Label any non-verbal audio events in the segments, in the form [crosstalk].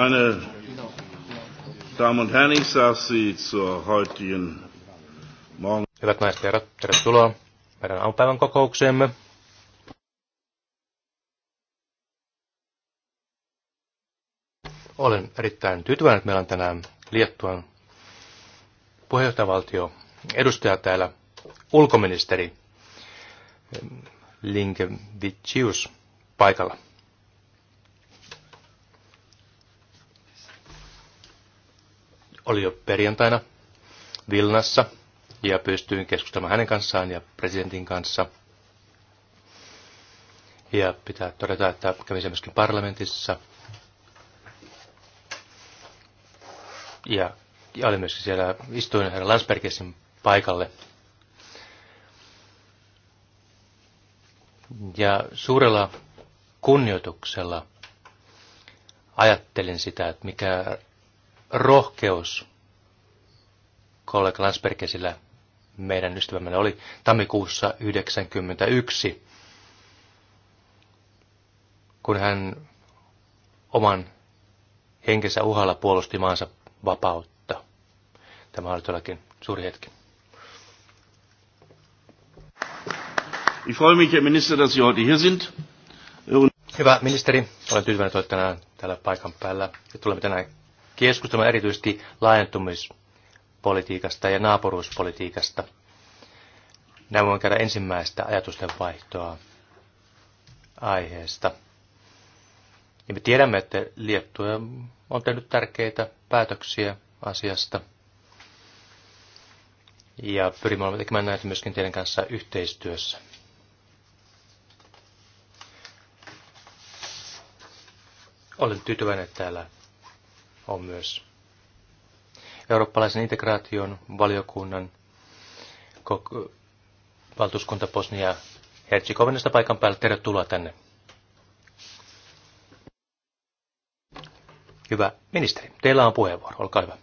Meine Damen und Herren, ich sage Sie zur heutigen Morgen. Hyvät naiset ja herrat, tervetuloa meidän aamupäivän kokoukseemme. Olen erittäin tyytyväinen, että meillä on tänään Liettuan puheenjohtajavaltio edustaja täällä, ulkoministeri Linkevicius paikalla. oli jo perjantaina Vilnassa ja pystyin keskustelemaan hänen kanssaan ja presidentin kanssa. Ja pitää todeta, että kävin se myöskin parlamentissa. Ja, ja olin myöskin siellä, istuin herra Landsbergisin paikalle. Ja suurella kunnioituksella ajattelin sitä, että mikä rohkeus kollega Lansbergesillä meidän ystävämme oli tammikuussa 1991, kun hän oman henkensä uhalla puolusti maansa vapautta. Tämä oli todellakin suuri hetki. Ich freue mich, Herr Minister, dass Sie heute hier sind. Hyvä ministeri, olen tyytyväinen, että tänään täällä paikan päällä ja tulemme tänään keskustelua erityisesti laajentumispolitiikasta ja naapuruuspolitiikasta. Näin voin käydä ensimmäistä ajatusten vaihtoa aiheesta. Ja me tiedämme, että Liettua on tehnyt tärkeitä päätöksiä asiasta. Ja pyrimme olemaan tekemään näitä myöskin teidän kanssa yhteistyössä. Olen tyytyväinen, että täällä on myös eurooppalaisen integraation valiokunnan valtuuskunta Bosnia Herzegovinasta paikan päällä. Tervetuloa tänne. Hyvä ministeri, teillä on puheenvuoro. Olkaa hyvä.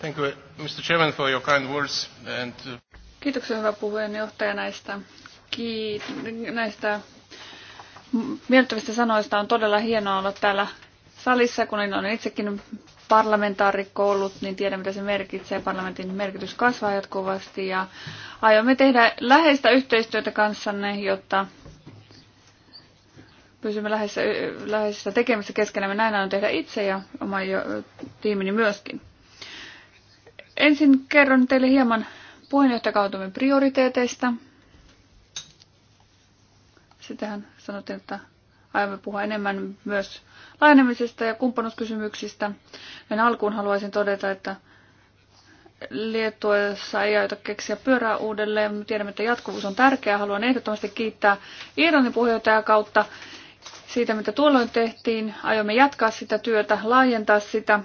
Thank you, Mr. Chairman, for your kind words. And... Uh, Kiitoksia hyvä puheenjohtaja näistä, ki- näistä miellyttävistä sanoista. On todella hienoa olla täällä salissa, kun en ole itsekin parlamentaarikko ollut, niin tiedän mitä se merkitsee. Parlamentin merkitys kasvaa jatkuvasti ja aiomme tehdä läheistä yhteistyötä kanssanne, jotta pysymme läheisessä, läheisessä tekemissä keskenämme. Näin on tehdä itse ja oma tiimini myöskin. Ensin kerron teille hieman puheenjohtajakautumme prioriteeteista. Sitähän sanottiin, että aiomme puhua enemmän myös laajenemisesta ja kumppanuuskysymyksistä. En alkuun haluaisin todeta, että Liettuessa ei aiota keksiä pyörää uudelleen. Tiedämme, että jatkuvuus on tärkeää. Haluan ehdottomasti kiittää Irlannin puheenjohtajaa kautta siitä, mitä tuolloin tehtiin. Aiomme jatkaa sitä työtä, laajentaa sitä.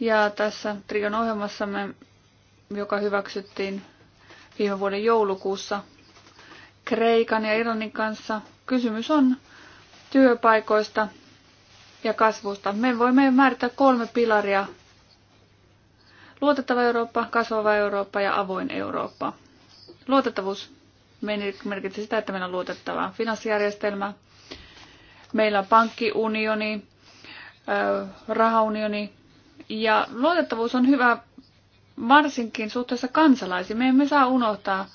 Ja tässä Trion ohjelmassamme, joka hyväksyttiin viime vuoden joulukuussa, Kreikan ja Irlannin kanssa. Kysymys on työpaikoista ja kasvusta. Me voimme määrittää kolme pilaria. Luotettava Eurooppa, kasvava Eurooppa ja avoin Eurooppa. Luotettavuus merkitsee sitä, että meillä on luotettava finanssijärjestelmä. Meillä on pankkiunioni, rahaunioni ja luotettavuus on hyvä varsinkin suhteessa kansalaisiin. Me emme saa unohtaa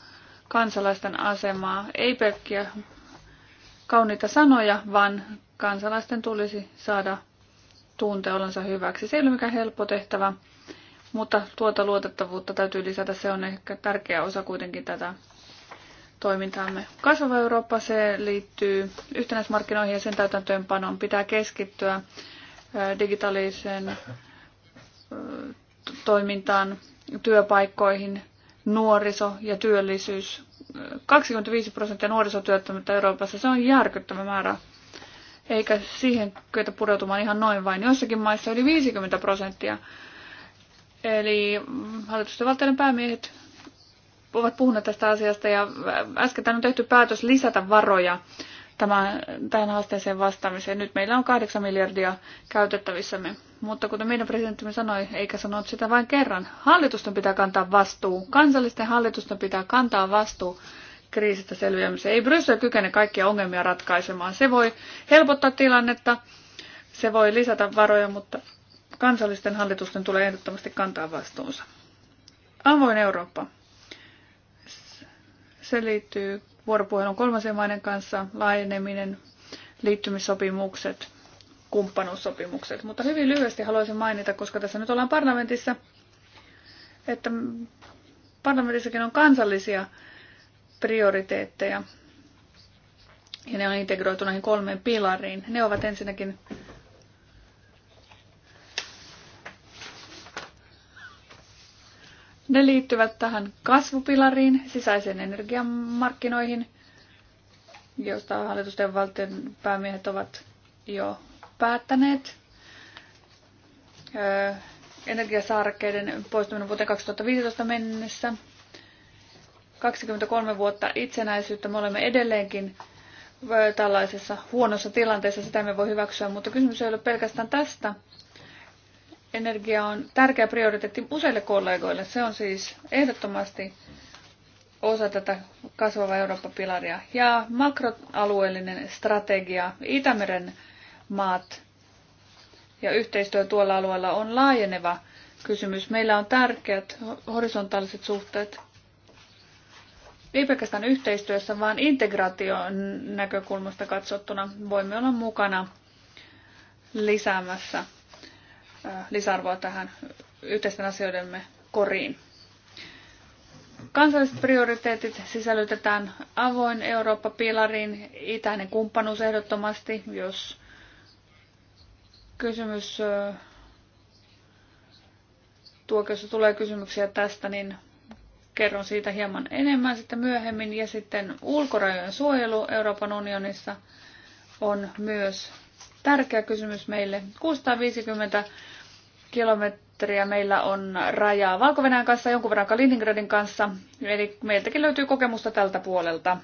kansalaisten asemaa. Ei pelkkiä kauniita sanoja, vaan kansalaisten tulisi saada tunte olonsa hyväksi. Se ei ole mikään helppo tehtävä, mutta tuota luotettavuutta täytyy lisätä. Se on ehkä tärkeä osa kuitenkin tätä toimintaamme. Kasvava Eurooppa, se liittyy yhtenäismarkkinoihin ja sen täytäntöönpanoon. Pitää keskittyä digitaaliseen toimintaan, työpaikkoihin, nuoriso ja työllisyys. 25 prosenttia nuorisotyöttömyyttä Euroopassa, se on järkyttävä määrä. Eikä siihen kyetä pureutumaan ihan noin vain. Joissakin maissa yli 50 prosenttia. Eli hallitusten valtioiden päämiehet ovat puhuneet tästä asiasta ja äsken on tehty päätös lisätä varoja tämän, tähän haasteeseen vastaamiseen. Nyt meillä on 8 miljardia käytettävissämme, mutta kuten meidän presidenttimme sanoi, eikä sanonut sitä vain kerran, hallitusten pitää kantaa vastuu, kansallisten hallitusten pitää kantaa vastuu kriisistä selviämiseen. Ei Bryssel kykene kaikkia ongelmia ratkaisemaan. Se voi helpottaa tilannetta, se voi lisätä varoja, mutta kansallisten hallitusten tulee ehdottomasti kantaa vastuunsa. Avoin Eurooppa. Se liittyy vuoropuhelun kolmansien maiden kanssa, laajeneminen, liittymissopimukset, kumppanuussopimukset. Mutta hyvin lyhyesti haluaisin mainita, koska tässä nyt ollaan parlamentissa, että parlamentissakin on kansallisia prioriteetteja, ja ne on integroitu näihin kolmeen pilariin. Ne ovat ensinnäkin Ne liittyvät tähän kasvupilariin, sisäiseen energiamarkkinoihin, josta hallitusten valtion päämiehet ovat jo päättäneet. energiasaarakkeiden poistuminen vuoteen 2015 mennessä. 23 vuotta itsenäisyyttä me olemme edelleenkin tällaisessa huonossa tilanteessa, sitä me voi hyväksyä, mutta kysymys ei ole pelkästään tästä, energia on tärkeä prioriteetti useille kollegoille. Se on siis ehdottomasti osa tätä kasvavaa Eurooppa-pilaria. Ja makroalueellinen strategia, Itämeren maat ja yhteistyö tuolla alueella on laajeneva kysymys. Meillä on tärkeät horisontaaliset suhteet ei pelkästään yhteistyössä, vaan integraation näkökulmasta katsottuna voimme olla mukana lisäämässä Äh, lisäarvoa tähän yhteisten asioidemme koriin. Kansalliset prioriteetit sisällytetään avoin Eurooppa-pilariin, itäinen kumppanuus ehdottomasti, jos kysymys tuokiossa tulee kysymyksiä tästä, niin kerron siitä hieman enemmän sitten myöhemmin. Ja sitten ulkorajojen suojelu Euroopan unionissa on myös tärkeä kysymys meille. 650 kilometriä meillä on rajaa valko kanssa, jonkun verran Kaliningradin kanssa. Eli meiltäkin löytyy kokemusta tältä puolelta.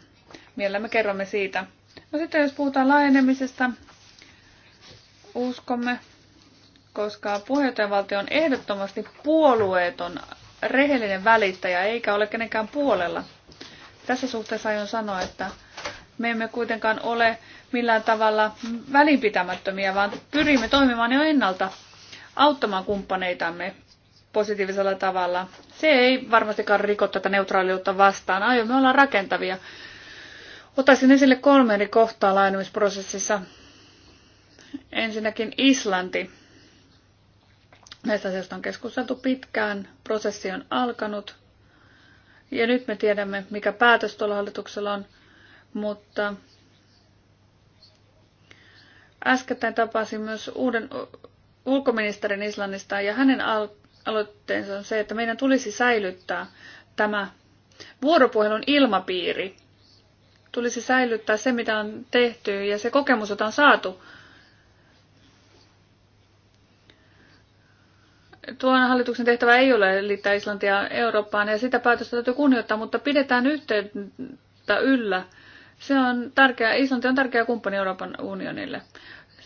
Mielellämme kerromme siitä. No sitten jos puhutaan laajenemisesta, uskomme, koska puheenjohtajavaltio on ehdottomasti puolueeton, rehellinen välittäjä, eikä ole kenenkään puolella. Tässä suhteessa aion sanoa, että me emme kuitenkaan ole millään tavalla välinpitämättömiä, vaan pyrimme toimimaan jo ennalta auttamaan kumppaneitamme positiivisella tavalla. Se ei varmastikaan riko tätä neutraaliutta vastaan. Aiomme olla rakentavia. Otaisin esille kolme eri kohtaa laajenemisprosessissa. Ensinnäkin Islanti. Näistä asioista on keskusteltu pitkään. Prosessi on alkanut. Ja nyt me tiedämme, mikä päätös tuolla hallituksella on. Mutta äskettäin tapasin myös uuden ulkoministerin Islannista ja hänen aloitteensa on se, että meidän tulisi säilyttää tämä vuoropuhelun ilmapiiri. Tulisi säilyttää se, mitä on tehty ja se kokemus, jota on saatu. Tuon hallituksen tehtävä ei ole liittää Islantia Eurooppaan ja sitä päätöstä täytyy kunnioittaa, mutta pidetään yhteyttä yllä. Se on tärkeää. Islanti on tärkeä kumppani Euroopan unionille.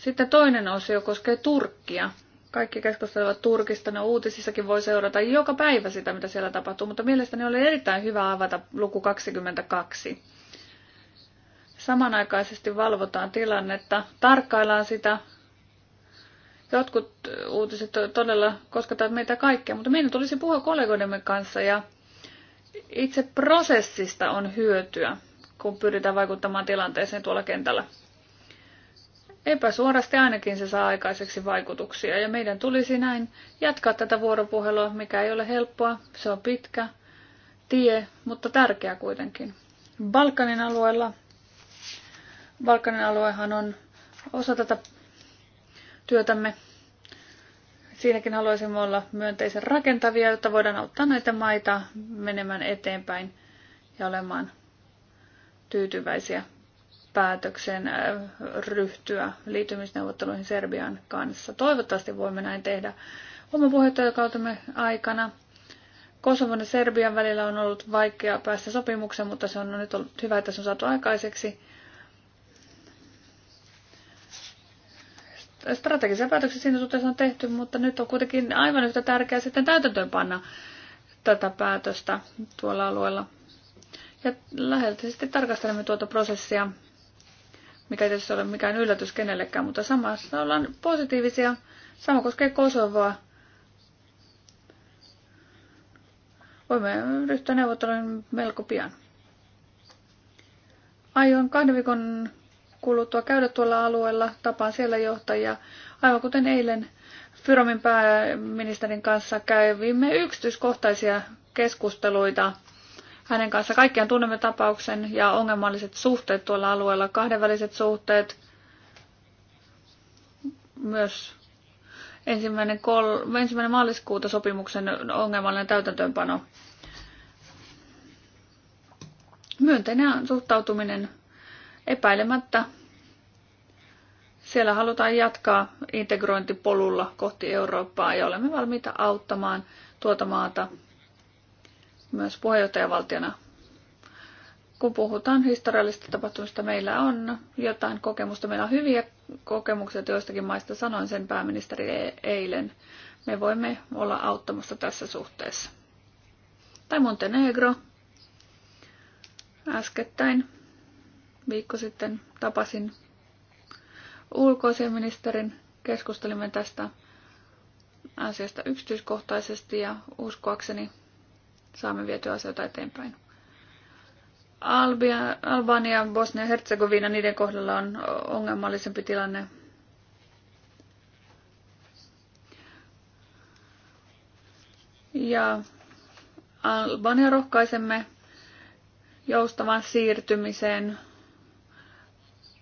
Sitten toinen osio koskee Turkkia. Kaikki keskustelevat Turkista, no uutisissakin voi seurata joka päivä sitä, mitä siellä tapahtuu, mutta mielestäni oli erittäin hyvä avata luku 22. Samanaikaisesti valvotaan tilannetta, tarkkaillaan sitä. Jotkut uutiset todella koskettavat meitä kaikkia, mutta meidän tulisi puhua kollegoidemme kanssa ja itse prosessista on hyötyä, kun pyritään vaikuttamaan tilanteeseen tuolla kentällä. Epäsuorasti ainakin se saa aikaiseksi vaikutuksia ja meidän tulisi näin jatkaa tätä vuoropuhelua, mikä ei ole helppoa, se on pitkä tie, mutta tärkeä kuitenkin. Balkanin alueella, Balkanin aluehan on osa tätä työtämme. Siinäkin haluaisimme olla myönteisen rakentavia, jotta voidaan auttaa näitä maita menemään eteenpäin ja olemaan tyytyväisiä päätöksen äh, ryhtyä liittymisneuvotteluihin Serbian kanssa. Toivottavasti voimme näin tehdä oman puheenjohtajakautemme aikana. Kosovon ja Serbian välillä on ollut vaikea päästä sopimukseen, mutta se on nyt ollut hyvä, että se on saatu aikaiseksi. Strategisia päätöksiä siinä suhteessa on tehty, mutta nyt on kuitenkin aivan yhtä tärkeää sitten täytäntöönpanna tätä päätöstä tuolla alueella. Ja läheltä sitten tarkastelemme tuota prosessia mikä ei tietysti ole mikään yllätys kenellekään, mutta samassa ollaan positiivisia. Sama koskee Kosovoa. Voimme ryhtyä neuvotteluun melko pian. Aion kahden viikon kuluttua käydä tuolla alueella, tapaan siellä johtajia. Aivan kuten eilen Fyromin pääministerin kanssa kävimme yksityiskohtaisia keskusteluita hänen kanssa. Kaikkiaan tunnemme tapauksen ja ongelmalliset suhteet tuolla alueella, kahdenväliset suhteet, myös ensimmäinen, kol, ensimmäinen maaliskuuta sopimuksen ongelmallinen täytäntöönpano. Myönteinen suhtautuminen epäilemättä. Siellä halutaan jatkaa integrointipolulla kohti Eurooppaa ja olemme valmiita auttamaan tuota maata myös puheenjohtajavaltiona. Kun puhutaan historiallisista tapahtumista, meillä on jotain kokemusta. Meillä on hyviä kokemuksia joistakin maista, sanoin sen pääministeri e- eilen. Me voimme olla auttamassa tässä suhteessa. Tai Montenegro. Äskettäin viikko sitten tapasin ulkoasiaministerin. Keskustelimme tästä asiasta yksityiskohtaisesti ja uskoakseni saamme vietyä asioita eteenpäin. Albia, Albania, Bosnia ja Herzegovina, niiden kohdalla on ongelmallisempi tilanne. Ja Albania rohkaisemme joustavan siirtymiseen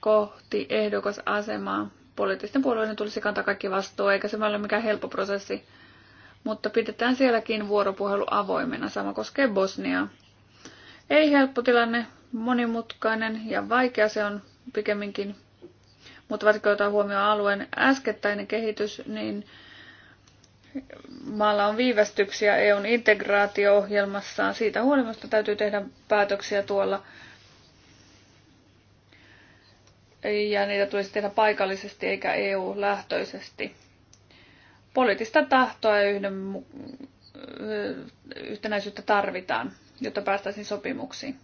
kohti ehdokasasemaa. Poliittisten puolueiden tulisi kantaa kaikki vastuu, eikä se ole mikään helppo prosessi mutta pidetään sielläkin vuoropuhelu avoimena. Sama koskee Bosniaa. Ei helppo tilanne, monimutkainen ja vaikea se on pikemminkin, mutta varsinkin otetaan huomioon alueen äskettäinen kehitys, niin maalla on viivästyksiä EUn integraatio-ohjelmassaan. Siitä huolimatta täytyy tehdä päätöksiä tuolla ja niitä tulisi tehdä paikallisesti eikä EU-lähtöisesti poliittista tahtoa ja yhden, yhtenäisyyttä tarvitaan, jotta päästäisiin sopimuksiin.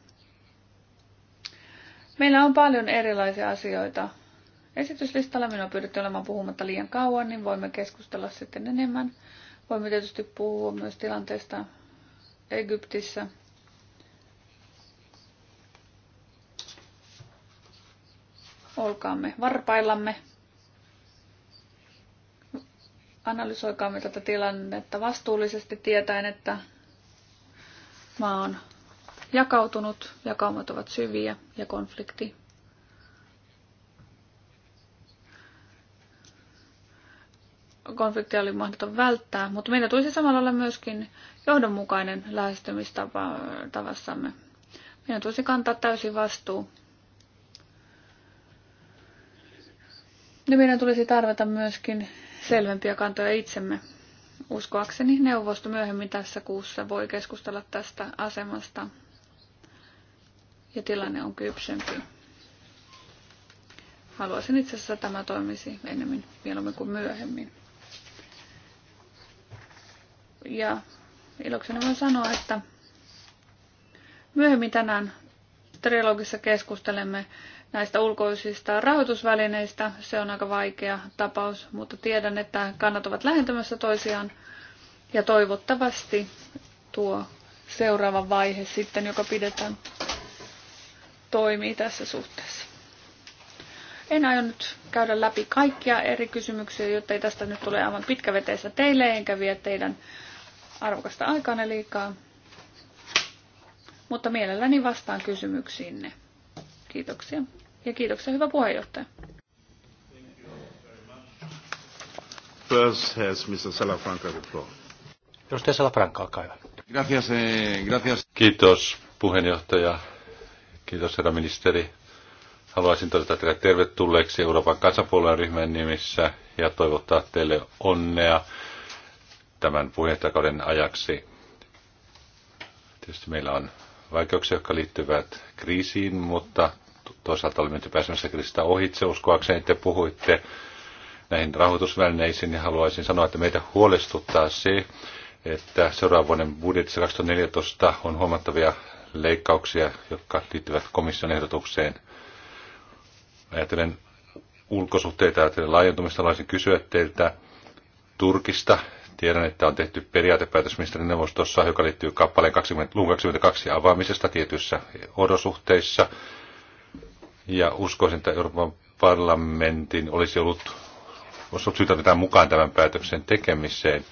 Meillä on paljon erilaisia asioita. Esityslistalla minua on pyydetty olemaan puhumatta liian kauan, niin voimme keskustella sitten enemmän. Voimme tietysti puhua myös tilanteesta Egyptissä. Olkaamme varpaillamme. Analysoikaamme tätä tilannetta vastuullisesti tietäen, että maa on jakautunut, jakaumat ovat syviä ja konflikti konfliktia oli mahdoton välttää, mutta meidän tulisi samalla olla myöskin johdonmukainen lähestymistavassamme. Meidän tulisi kantaa täysin vastuu. Ja meidän tulisi tarvita myöskin selvempiä kantoja itsemme. Uskoakseni neuvosto myöhemmin tässä kuussa voi keskustella tästä asemasta ja tilanne on kypsempi. Haluaisin itse asiassa tämä toimisi ennemmin mieluummin kuin myöhemmin. Ja ilokseni voin sanoa, että myöhemmin tänään trilogissa keskustelemme näistä ulkoisista rahoitusvälineistä. Se on aika vaikea tapaus, mutta tiedän, että kannat ovat lähentymässä toisiaan. Ja toivottavasti tuo seuraava vaihe sitten, joka pidetään, toimii tässä suhteessa. En aio nyt käydä läpi kaikkia eri kysymyksiä, jotta ei tästä nyt tule aivan pitkäveteistä teille, enkä vie teidän arvokasta aikaanne liikaa mutta mielelläni vastaan kysymyksiinne. Kiitoksia. Ja kiitoksia, hyvä puheenjohtaja. First has Mr. Salafranca the floor. Salafranca, olkaa hyvä. Gracias, eh, gracias. Kiitos puheenjohtaja. Kiitos herra ministeri. Haluaisin todeta teille tervetulleeksi Euroopan kansanpuolueen ryhmän nimissä ja toivottaa teille onnea tämän puheenjohtajakauden ajaksi. Tietysti meillä on vaikeuksia, jotka liittyvät kriisiin, mutta toisaalta olemme nyt pääsemässä kriisistä ohitse. Uskoakseni te puhuitte näihin rahoitusvälineisiin ja niin haluaisin sanoa, että meitä huolestuttaa se, että seuraavan vuoden budjetissa 2014 on huomattavia leikkauksia, jotka liittyvät komission ehdotukseen. Ajattelen ulkosuhteita ja laajentumista haluaisin kysyä teiltä Turkista Tiedän, että on tehty periaatepäätös neuvostossa, joka liittyy kappaleen 20, luvun 22 avaamisesta tietyissä odosuhteissa. Ja uskoisin, että Euroopan parlamentin olisi ollut, olisi ollut syytä pitää mukaan tämän päätöksen tekemiseen.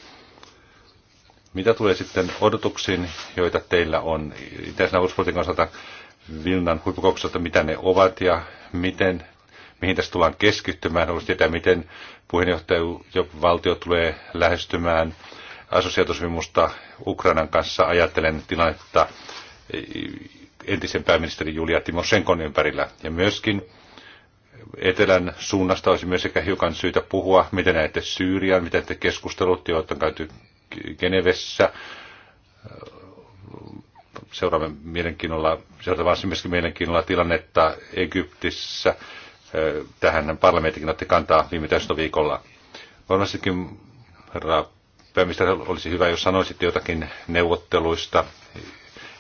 Mitä tulee sitten odotuksiin, joita teillä on itäisen osalta Vilnan huippukokouksesta, mitä ne ovat ja miten mihin tässä tullaan keskittymään, haluaisin tietää, miten valtio tulee lähestymään assosiaatiosopimusta Ukrainan kanssa. Ajattelen tilannetta eh, entisen pääministeri Julia Timoshenkon ympärillä. Ja myöskin etelän suunnasta olisi myös ehkä hiukan syytä puhua, miten näette Syyrian, miten te keskustelut, joita on käyty Genevessä. Seuraamme mielenkiinnolla, seurataan myöskin mielenkiinnolla tilannetta Egyptissä Tähän parlamenttikin otti kantaa viime viikolla. Varmastikin, herra pääministeri, olisi hyvä, jos sanoisitte jotakin neuvotteluista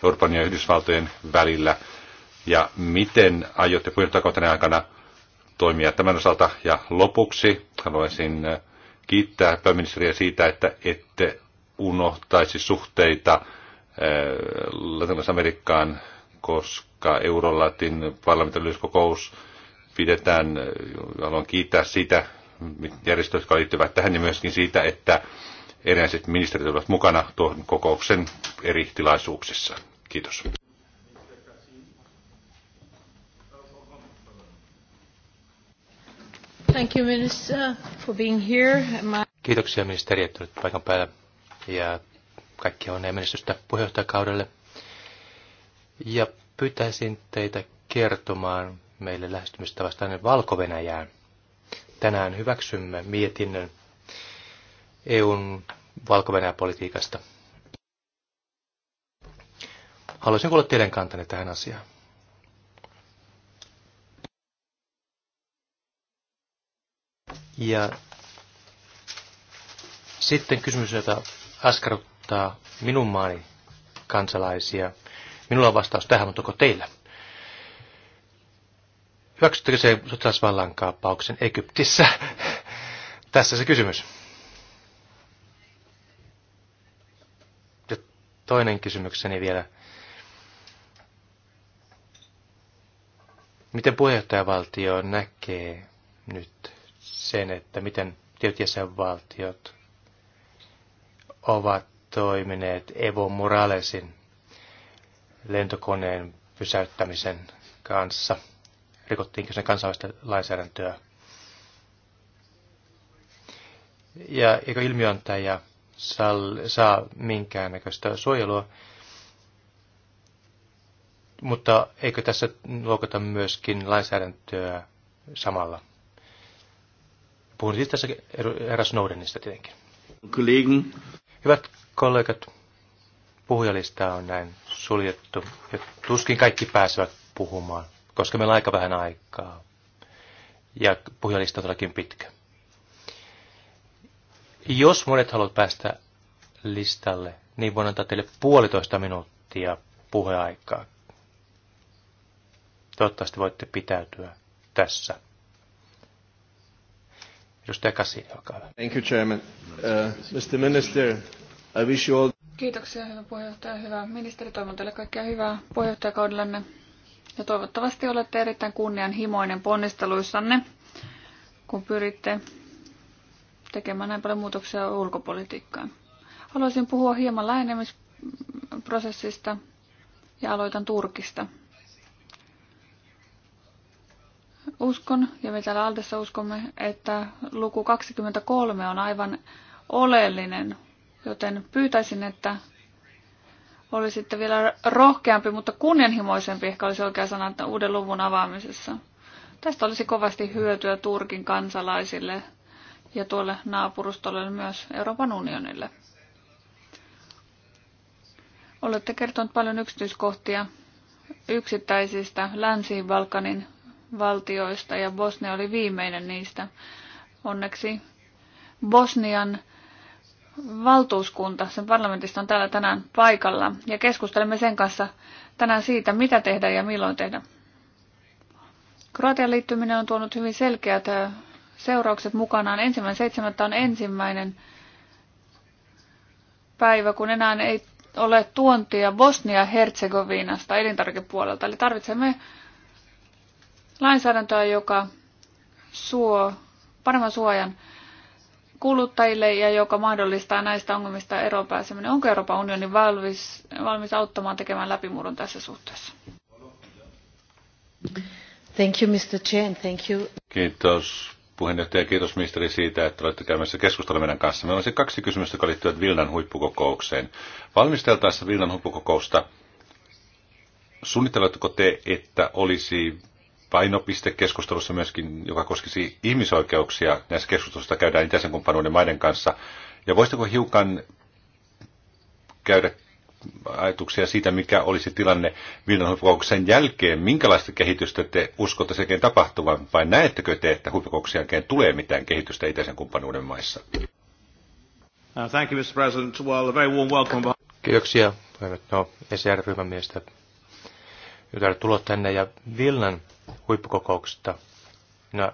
Euroopan ja Yhdysvaltojen välillä ja miten aiotte puheenjohtajakautena aikana toimia tämän osalta. Ja lopuksi haluaisin äh, kiittää pääministeriä siitä, että ette unohtaisi suhteita äh, Latinalais-Amerikkaan, koska Eurolatin parlamentaarinen kokous pidetään. Haluan kiittää siitä järjestöt, jotka liittyvät tähän, ja myöskin siitä, että erilaiset ministerit ovat mukana tuon kokouksen eri tilaisuuksissa. Kiitos. Thank you, minister, for being here. My... Kiitoksia ministeri, että olet paikan päällä ja kaikki on menestystä puheenjohtajakaudelle. Ja pyytäisin teitä kertomaan meille lähestymistavasta valko -Venäjään. Tänään hyväksymme mietinnön EUn valko politiikasta Haluaisin kuulla teidän kantanne tähän asiaan. Ja sitten kysymys, jota askarruttaa minun maani kansalaisia. Minulla on vastaus tähän, mutta onko teillä? Hyväksyttekö se sotilasvallan kaappauksen Egyptissä? [laughs] Tässä se kysymys. Ja toinen kysymykseni vielä. Miten puheenjohtajavaltio näkee nyt sen, että miten tietyt jäsenvaltiot ovat toimineet Evo Moralesin lentokoneen pysäyttämisen kanssa – rikottiinko se kansainvälistä lainsäädäntöä. Ja eikö ilmiöntäjä saa, saa minkäännäköistä suojelua, mutta eikö tässä luokata myöskin lainsäädäntöä samalla? Puhun siis tässä herra Snowdenista tietenkin. Kollegen. Hyvät kollegat, puhujalista on näin suljettu ja tuskin kaikki pääsevät puhumaan koska meillä on aika vähän aikaa. Ja puhujalista on todellakin pitkä. Jos monet haluat päästä listalle, niin voin antaa teille puolitoista minuuttia puheaikaa. Toivottavasti voitte pitäytyä tässä. Edustaja Kasi, olkaa hyvä. Thank you, Chairman. Uh, Mr. Minister, I wish you all... Kiitoksia, hyvä puheenjohtaja, hyvä ministeri. Toivon teille kaikkea hyvää puheenjohtajakaudellanne. Ja toivottavasti olette erittäin kunnianhimoinen ponnisteluissanne, kun pyritte tekemään näin paljon muutoksia ulkopolitiikkaan. Haluaisin puhua hieman lähenemisprosessista ja aloitan Turkista. Uskon, ja me täällä Aldessa uskomme, että luku 23 on aivan oleellinen, joten pyytäisin, että oli sitten vielä rohkeampi, mutta kunnianhimoisempi ehkä olisi oikea sana, että uuden luvun avaamisessa. Tästä olisi kovasti hyötyä Turkin kansalaisille ja tuolle naapurustolle myös Euroopan unionille. Olette kertonut paljon yksityiskohtia yksittäisistä Länsi-Balkanin valtioista ja Bosnia oli viimeinen niistä. Onneksi Bosnian valtuuskunta, sen parlamentista on täällä tänään paikalla ja keskustelemme sen kanssa tänään siitä, mitä tehdä ja milloin tehdä. Kroatian liittyminen on tuonut hyvin selkeät seuraukset mukanaan. Ensimmäinen seitsemättä on ensimmäinen päivä, kun enää ei ole tuontia Bosnia-Herzegovinasta elintarvikepuolelta. Eli tarvitsemme lainsäädäntöä, joka suo paremman suojan kuluttajille ja joka mahdollistaa näistä ongelmista eroon pääseminen. Onko Euroopan unioni valmis, valmis auttamaan tekemään läpimurron tässä suhteessa? Thank you, Mr. thank you. Kiitos puheenjohtaja, kiitos ministeri siitä, että olette käymässä keskustelua meidän kanssa. Meillä olisi siis kaksi kysymystä, jotka liittyvät Vilnan huippukokoukseen. Valmisteltaessa Vilnan huippukokousta, suunnitteletteko te, että olisi painopiste keskustelussa myöskin, joka koskisi ihmisoikeuksia. Näissä keskustelussa käydään itäisen kumppanuuden maiden kanssa. Ja voisitko hiukan käydä ajatuksia siitä, mikä olisi tilanne Vilnan huippukokouksen jälkeen, minkälaista kehitystä te uskotte sekin tapahtuvan, vai näettekö te, että huippukokouksen jälkeen tulee mitään kehitystä itäisen kumppanuuden maissa? Uh, thank you, Mr. President. Well, a very warm welcome. Kiitoksia. No, ECR-ryhmän mielestä joita tulo tänne ja Vilnan huippukokouksesta. No,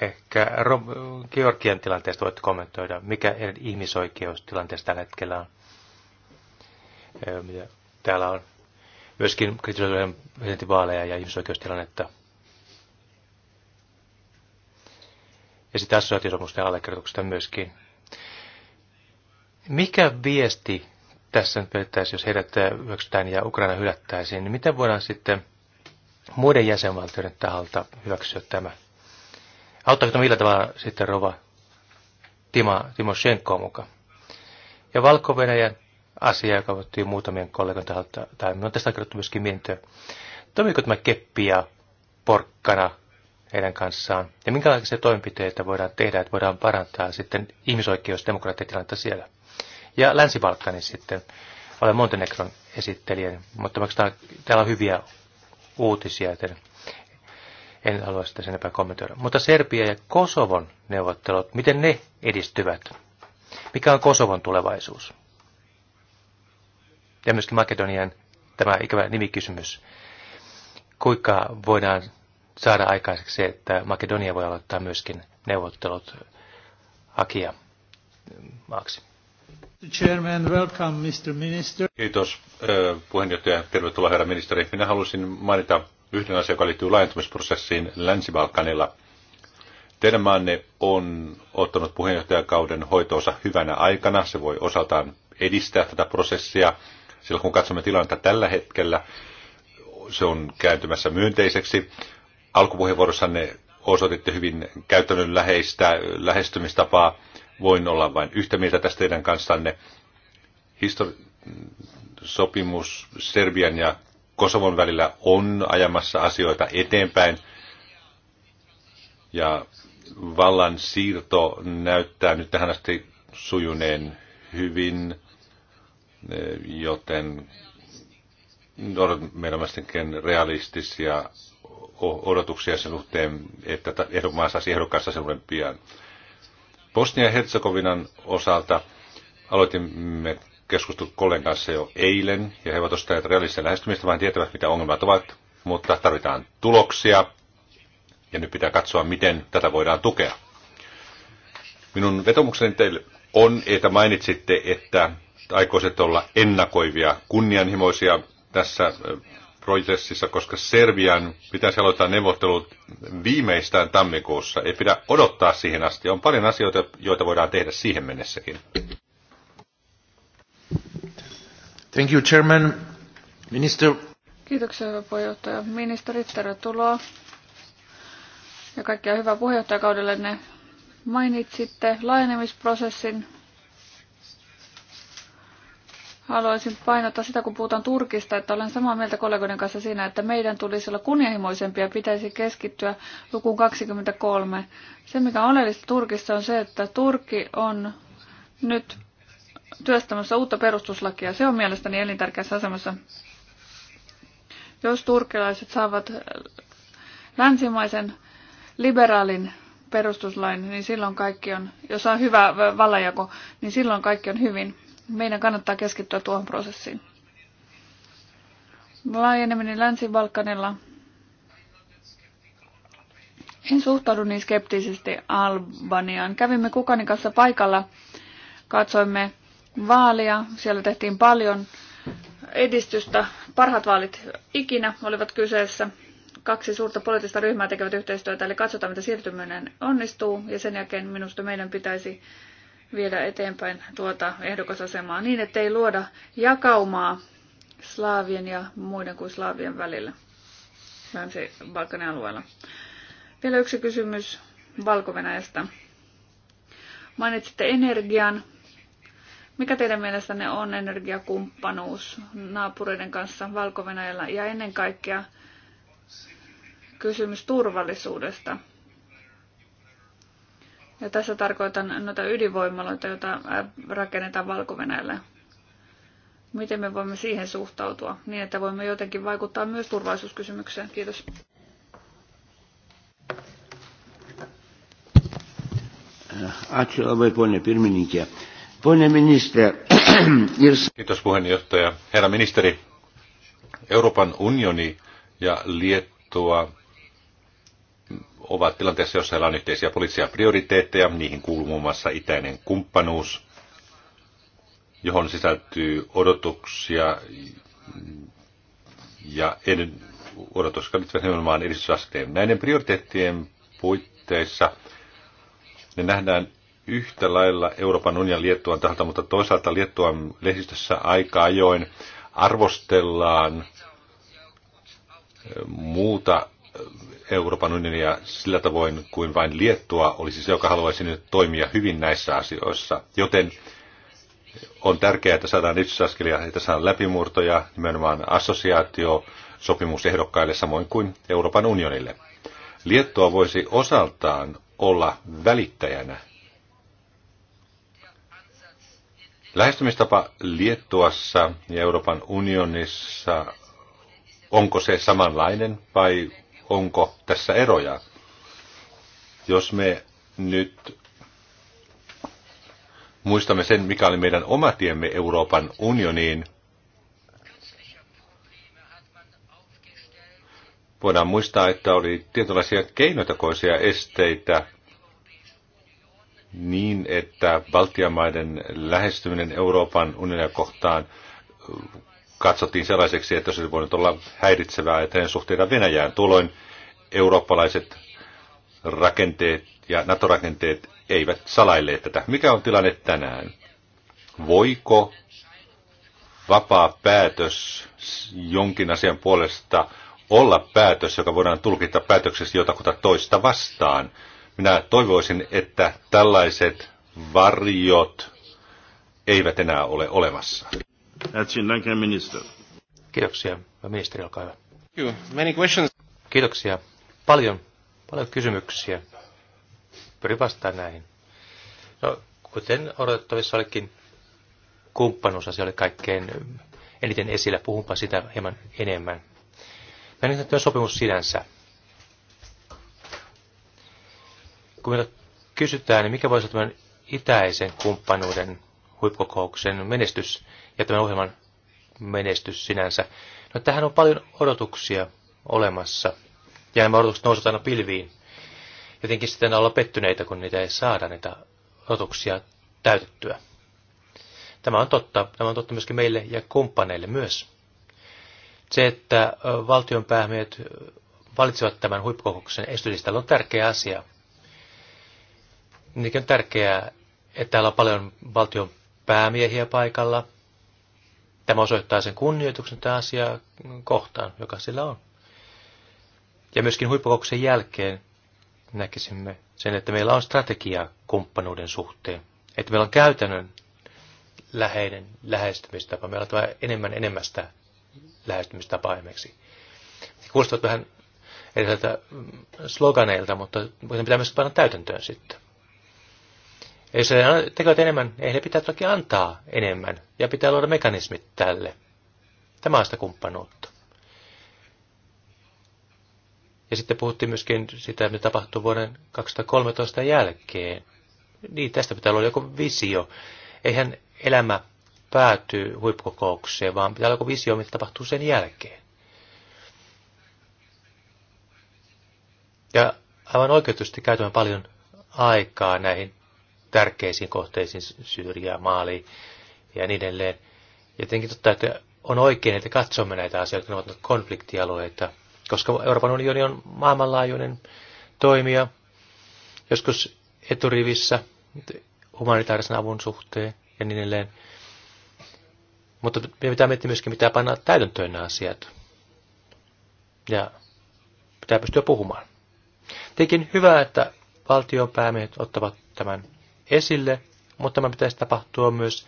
ehkä Rob- Georgian tilanteesta voit kommentoida, mikä ihmisoikeustilanteesta tällä hetkellä on. Täällä on myöskin kritisoitu presidentinvaaleja ja ihmisoikeustilannetta. Ja sitten assosiaatiosopimusten allekirjoituksesta myöskin. Mikä viesti tässä nyt pelittäisiin, jos heidät äh, hyväksytään ja Ukraina hylättäisiin, niin miten voidaan sitten muiden jäsenvaltioiden taholta hyväksyä tämä? Auttaako millä tavalla sitten rova Timo Timoshenko mukaan? Ja valko asia, joka voittiin muutamien kollegan taholta, tai me on tästä kerrottu myöskin mietintöä. Toimiiko tämä keppi ja porkkana heidän kanssaan? Ja minkälaisia toimenpiteitä voidaan tehdä, että voidaan parantaa sitten ja siellä? ja Länsi-Balkanin sitten. Olen Montenegron esittelijä, mutta täällä on hyviä uutisia, joten en halua sitä sen enempää kommentoida. Mutta Serbia ja Kosovon neuvottelut, miten ne edistyvät? Mikä on Kosovon tulevaisuus? Ja myöskin Makedonian tämä ikävä nimikysymys. Kuinka voidaan saada aikaiseksi se, että Makedonia voi aloittaa myöskin neuvottelut hakija maaksi? Chairman, welcome, Kiitos puheenjohtaja. Tervetuloa herra ministeri. Minä halusin mainita yhden asian, joka liittyy laajentumisprosessiin Länsi-Balkanilla. Teidän maanne on ottanut puheenjohtajakauden hoitoonsa hyvänä aikana. Se voi osaltaan edistää tätä prosessia. Silloin kun katsomme tilannetta tällä hetkellä, se on kääntymässä myönteiseksi. Alkupuheenvuorossanne osoititte hyvin käytännönläheistä lähestymistapaa Voin olla vain yhtä mieltä tästä teidän kanssanne. Histori- sopimus Serbian ja Kosovon välillä on ajamassa asioita eteenpäin. Ja vallan siirto näyttää nyt tähän asti sujuneen hyvin, joten meillä on realistisia odotuksia sen suhteen, että ehdokmaassa saisi ehdokkaassa sellainen pian. Bosnia ja Herzegovinan osalta aloitimme keskustelut kollegan kanssa jo eilen, ja he ovat ostaneet realistisen lähestymistä, vaan tietävät, mitä ongelmat ovat, mutta tarvitaan tuloksia, ja nyt pitää katsoa, miten tätä voidaan tukea. Minun vetomukseni teille on, että mainitsitte, että aikoiset olla ennakoivia, kunnianhimoisia tässä prosessissa, koska Serbian pitäisi aloittaa neuvottelut viimeistään tammikuussa. Ei pidä odottaa siihen asti. On paljon asioita, joita voidaan tehdä siihen mennessäkin. Thank you, Chairman. Minister. Kiitoksia, hyvä puheenjohtaja. Ministeri, tervetuloa. Ja kaikkia hyvää puheenjohtajakaudelle ne mainitsitte laajenemisprosessin haluaisin painottaa sitä, kun puhutaan Turkista, että olen samaa mieltä kollegoiden kanssa siinä, että meidän tulisi olla kunnianhimoisempia, pitäisi keskittyä lukuun 23. Se, mikä on oleellista Turkissa, on se, että Turkki on nyt työstämässä uutta perustuslakia. Se on mielestäni elintärkeässä asemassa. Jos turkkilaiset saavat länsimaisen liberaalin perustuslain, niin silloin kaikki on, jos on hyvä vallanjako, niin silloin kaikki on hyvin meidän kannattaa keskittyä tuohon prosessiin. Laajeneminen Länsi-Balkanilla. En suhtaudu niin skeptisesti Albaniaan. Kävimme Kukanin kanssa paikalla, katsoimme vaalia. Siellä tehtiin paljon edistystä. Parhaat vaalit ikinä olivat kyseessä. Kaksi suurta poliittista ryhmää tekevät yhteistyötä, eli katsotaan, mitä siirtyminen onnistuu. Ja sen jälkeen minusta meidän pitäisi viedä eteenpäin tuota ehdokasasemaa niin, ettei luoda jakaumaa slaavien ja muiden kuin slaavien välillä Länsi-Balkanin alueella. Vielä yksi kysymys valko -Venäjästä. Mainitsitte energian. Mikä teidän mielestänne on energiakumppanuus naapureiden kanssa valko -Venäjällä? ja ennen kaikkea kysymys turvallisuudesta? Ja tässä tarkoitan noita ydinvoimaloita, joita äh, rakennetaan valko -Venäjälle. Miten me voimme siihen suhtautua niin, että voimme jotenkin vaikuttaa myös turvallisuuskysymykseen? Kiitos. Äh, [clears throat] Kiitos puheenjohtaja. Herra ministeri, Euroopan unioni ja Liettua ovat tilanteessa, jossa heillä on yhteisiä poliittisia prioriteetteja. Niihin kuuluu muun muassa itäinen kumppanuus, johon sisältyy odotuksia ja en, odotuksia nyt nimenomaan edistysasteen. Näiden prioriteettien puitteissa ne nähdään yhtä lailla Euroopan unionin Liettuan taholta, mutta toisaalta Liettuan lehdistössä aika ajoin arvostellaan muuta Euroopan unionia sillä tavoin kuin vain Liettua olisi se, joka haluaisi nyt toimia hyvin näissä asioissa. Joten on tärkeää, että saadaan yksisaskelia, että saadaan läpimurtoja nimenomaan assosiaatio sopimusehdokkaille samoin kuin Euroopan unionille. Liettua voisi osaltaan olla välittäjänä. Lähestymistapa Liettuassa ja Euroopan unionissa, onko se samanlainen vai onko tässä eroja. Jos me nyt muistamme sen, mikä oli meidän oma tiemme Euroopan unioniin, voidaan muistaa, että oli tietynlaisia keinotekoisia esteitä niin, että valtiamaiden lähestyminen Euroopan unionia kohtaan katsottiin sellaiseksi, että se olisi voinut olla häiritsevää ajatellen suhteita Venäjään. tuloin eurooppalaiset rakenteet ja NATO-rakenteet eivät salaille tätä. Mikä on tilanne tänään? Voiko vapaa päätös jonkin asian puolesta olla päätös, joka voidaan tulkita päätöksessä jotakuta toista vastaan? Minä toivoisin, että tällaiset varjot eivät enää ole olemassa. Herzlichen Dank, Herr Minister. Kiitoksia. Ministeri, olkaa hyvä. Many questions. Kiitoksia. Paljon, paljon kysymyksiä. Pyrin vastaan näihin. No, kuten odotettavissa olikin, kumppanuusasia oli kaikkein eniten esillä. Puhunpa sitä hieman enemmän. Meidän sopimus sinänsä. Kun meiltä kysytään, niin mikä voisi olla tämän itäisen kumppanuuden huippukokouksen menestys ja tämän ohjelman menestys sinänsä. No tähän on paljon odotuksia olemassa. Ja nämä odotukset nousevat aina pilviin. Jotenkin sitten olla pettyneitä, kun niitä ei saada, niitä odotuksia täytettyä. Tämä on totta. Tämä on totta myöskin meille ja kumppaneille myös. Se, että valtion päämiöt valitsevat tämän huippukokouksen esityslistalle on tärkeä asia. Niinkin on tärkeää, että täällä on paljon valtion päämiehiä paikalla. Tämä osoittaa sen kunnioituksen tätä asiaa kohtaan, joka sillä on. Ja myöskin huippukokouksen jälkeen näkisimme sen, että meillä on strategia kumppanuuden suhteen. Että meillä on käytännön läheinen lähestymistapa. Meillä on tämä enemmän enemmästä lähestymistapa esimerkiksi. kuulostavat vähän erilaisilta sloganeilta, mutta pitää myös panna täytäntöön sitten. Jos se tekevät enemmän, ei ne pitää toki antaa enemmän ja pitää luoda mekanismit tälle. Tämä on sitä kumppanuutta. Ja sitten puhuttiin myöskin sitä, mitä tapahtui vuoden 2013 jälkeen. Niin, tästä pitää olla joku visio. Eihän elämä pääty huippukokoukseen, vaan pitää olla joku visio, mitä tapahtuu sen jälkeen. Ja aivan oikeutusti käytämme paljon aikaa näihin tärkeisiin kohteisiin, Syyriä, Maali ja niin edelleen. Ja tietenkin totta, että on oikein, että katsomme näitä asioita, ne ovat konfliktialueita, koska Euroopan unioni on maailmanlaajuinen toimija, joskus eturivissä humanitaarisen avun suhteen ja niin edelleen. Mutta meidän pitää miettiä myöskin, mitä panna täytäntöön nämä asiat. Ja pitää pystyä puhumaan. Tekin hyvä, että valtionpäämiehet ottavat tämän esille, mutta tämä pitäisi tapahtua myös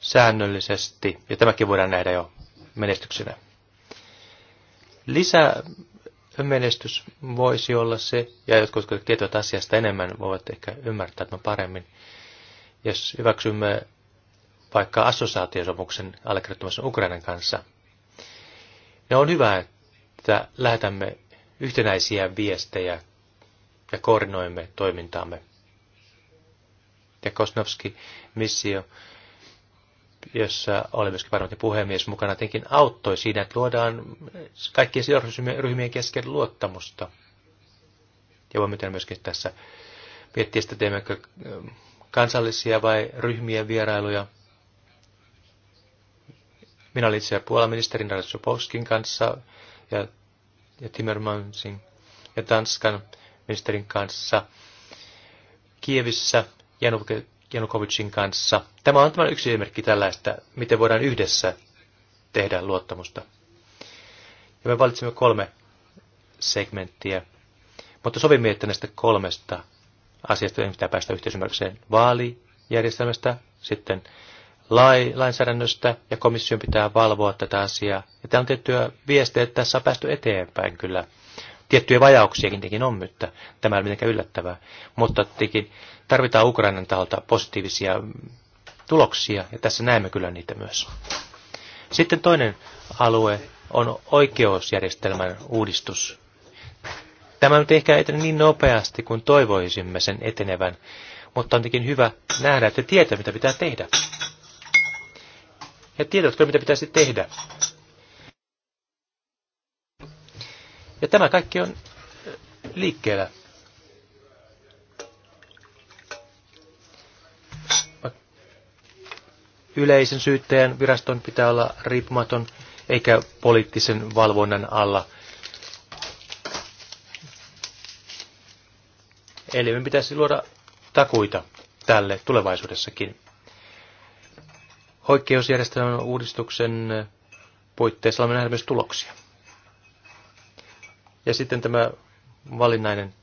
säännöllisesti, ja tämäkin voidaan nähdä jo menestyksenä. Lisä menestys voisi olla se, ja jotkut, jotka tietävät asiasta enemmän, voivat ehkä ymmärtää tämän paremmin. Jos hyväksymme vaikka assosiaatiosopuksen allekirjoittamisen Ukrainan kanssa, Ne on hyvä, että lähetämme yhtenäisiä viestejä ja koordinoimme toimintaamme ja Kosnovski-missio, jossa oli myöskin parlamentin puhemies mukana, tietenkin auttoi siinä, että luodaan kaikkien sidosryhmien kesken luottamusta. Ja voimme tehdä myöskin tässä miettiä sitä, teemmekö kansallisia vai ryhmien vierailuja. Minä olin itse Puolan ministerin Radsopowskin kanssa ja, ja Timmermansin ja Tanskan ministerin kanssa Kievissä Janukovicin kanssa. Tämä on tämän yksi esimerkki tällaista, miten voidaan yhdessä tehdä luottamusta. Ja me valitsimme kolme segmenttiä, mutta sovimme, että näistä kolmesta asiasta ei pitää päästä yhteisymmärrykseen vaalijärjestelmästä, sitten lai, lainsäädännöstä ja komission pitää valvoa tätä asiaa. Ja täällä on tiettyä viestejä, että tässä on päästy eteenpäin kyllä tiettyjä vajauksiakin tekin on, mutta tämä ei ole mitenkään yllättävää. Mutta tekin tarvitaan Ukrainan taholta positiivisia tuloksia, ja tässä näemme kyllä niitä myös. Sitten toinen alue on oikeusjärjestelmän uudistus. Tämä nyt ehkä etene niin nopeasti kuin toivoisimme sen etenevän, mutta on tietenkin hyvä nähdä, että tietää, mitä pitää tehdä. Ja tiedätkö, mitä pitäisi tehdä Ja tämä kaikki on äh, liikkeellä. Yleisen syyttäjän viraston pitää olla riippumaton eikä poliittisen valvonnan alla. Eli me pitäisi luoda takuita tälle tulevaisuudessakin. Oikeusjärjestelmän uudistuksen puitteissa on nähdään myös tuloksia. Ja sitten tämä valinnainen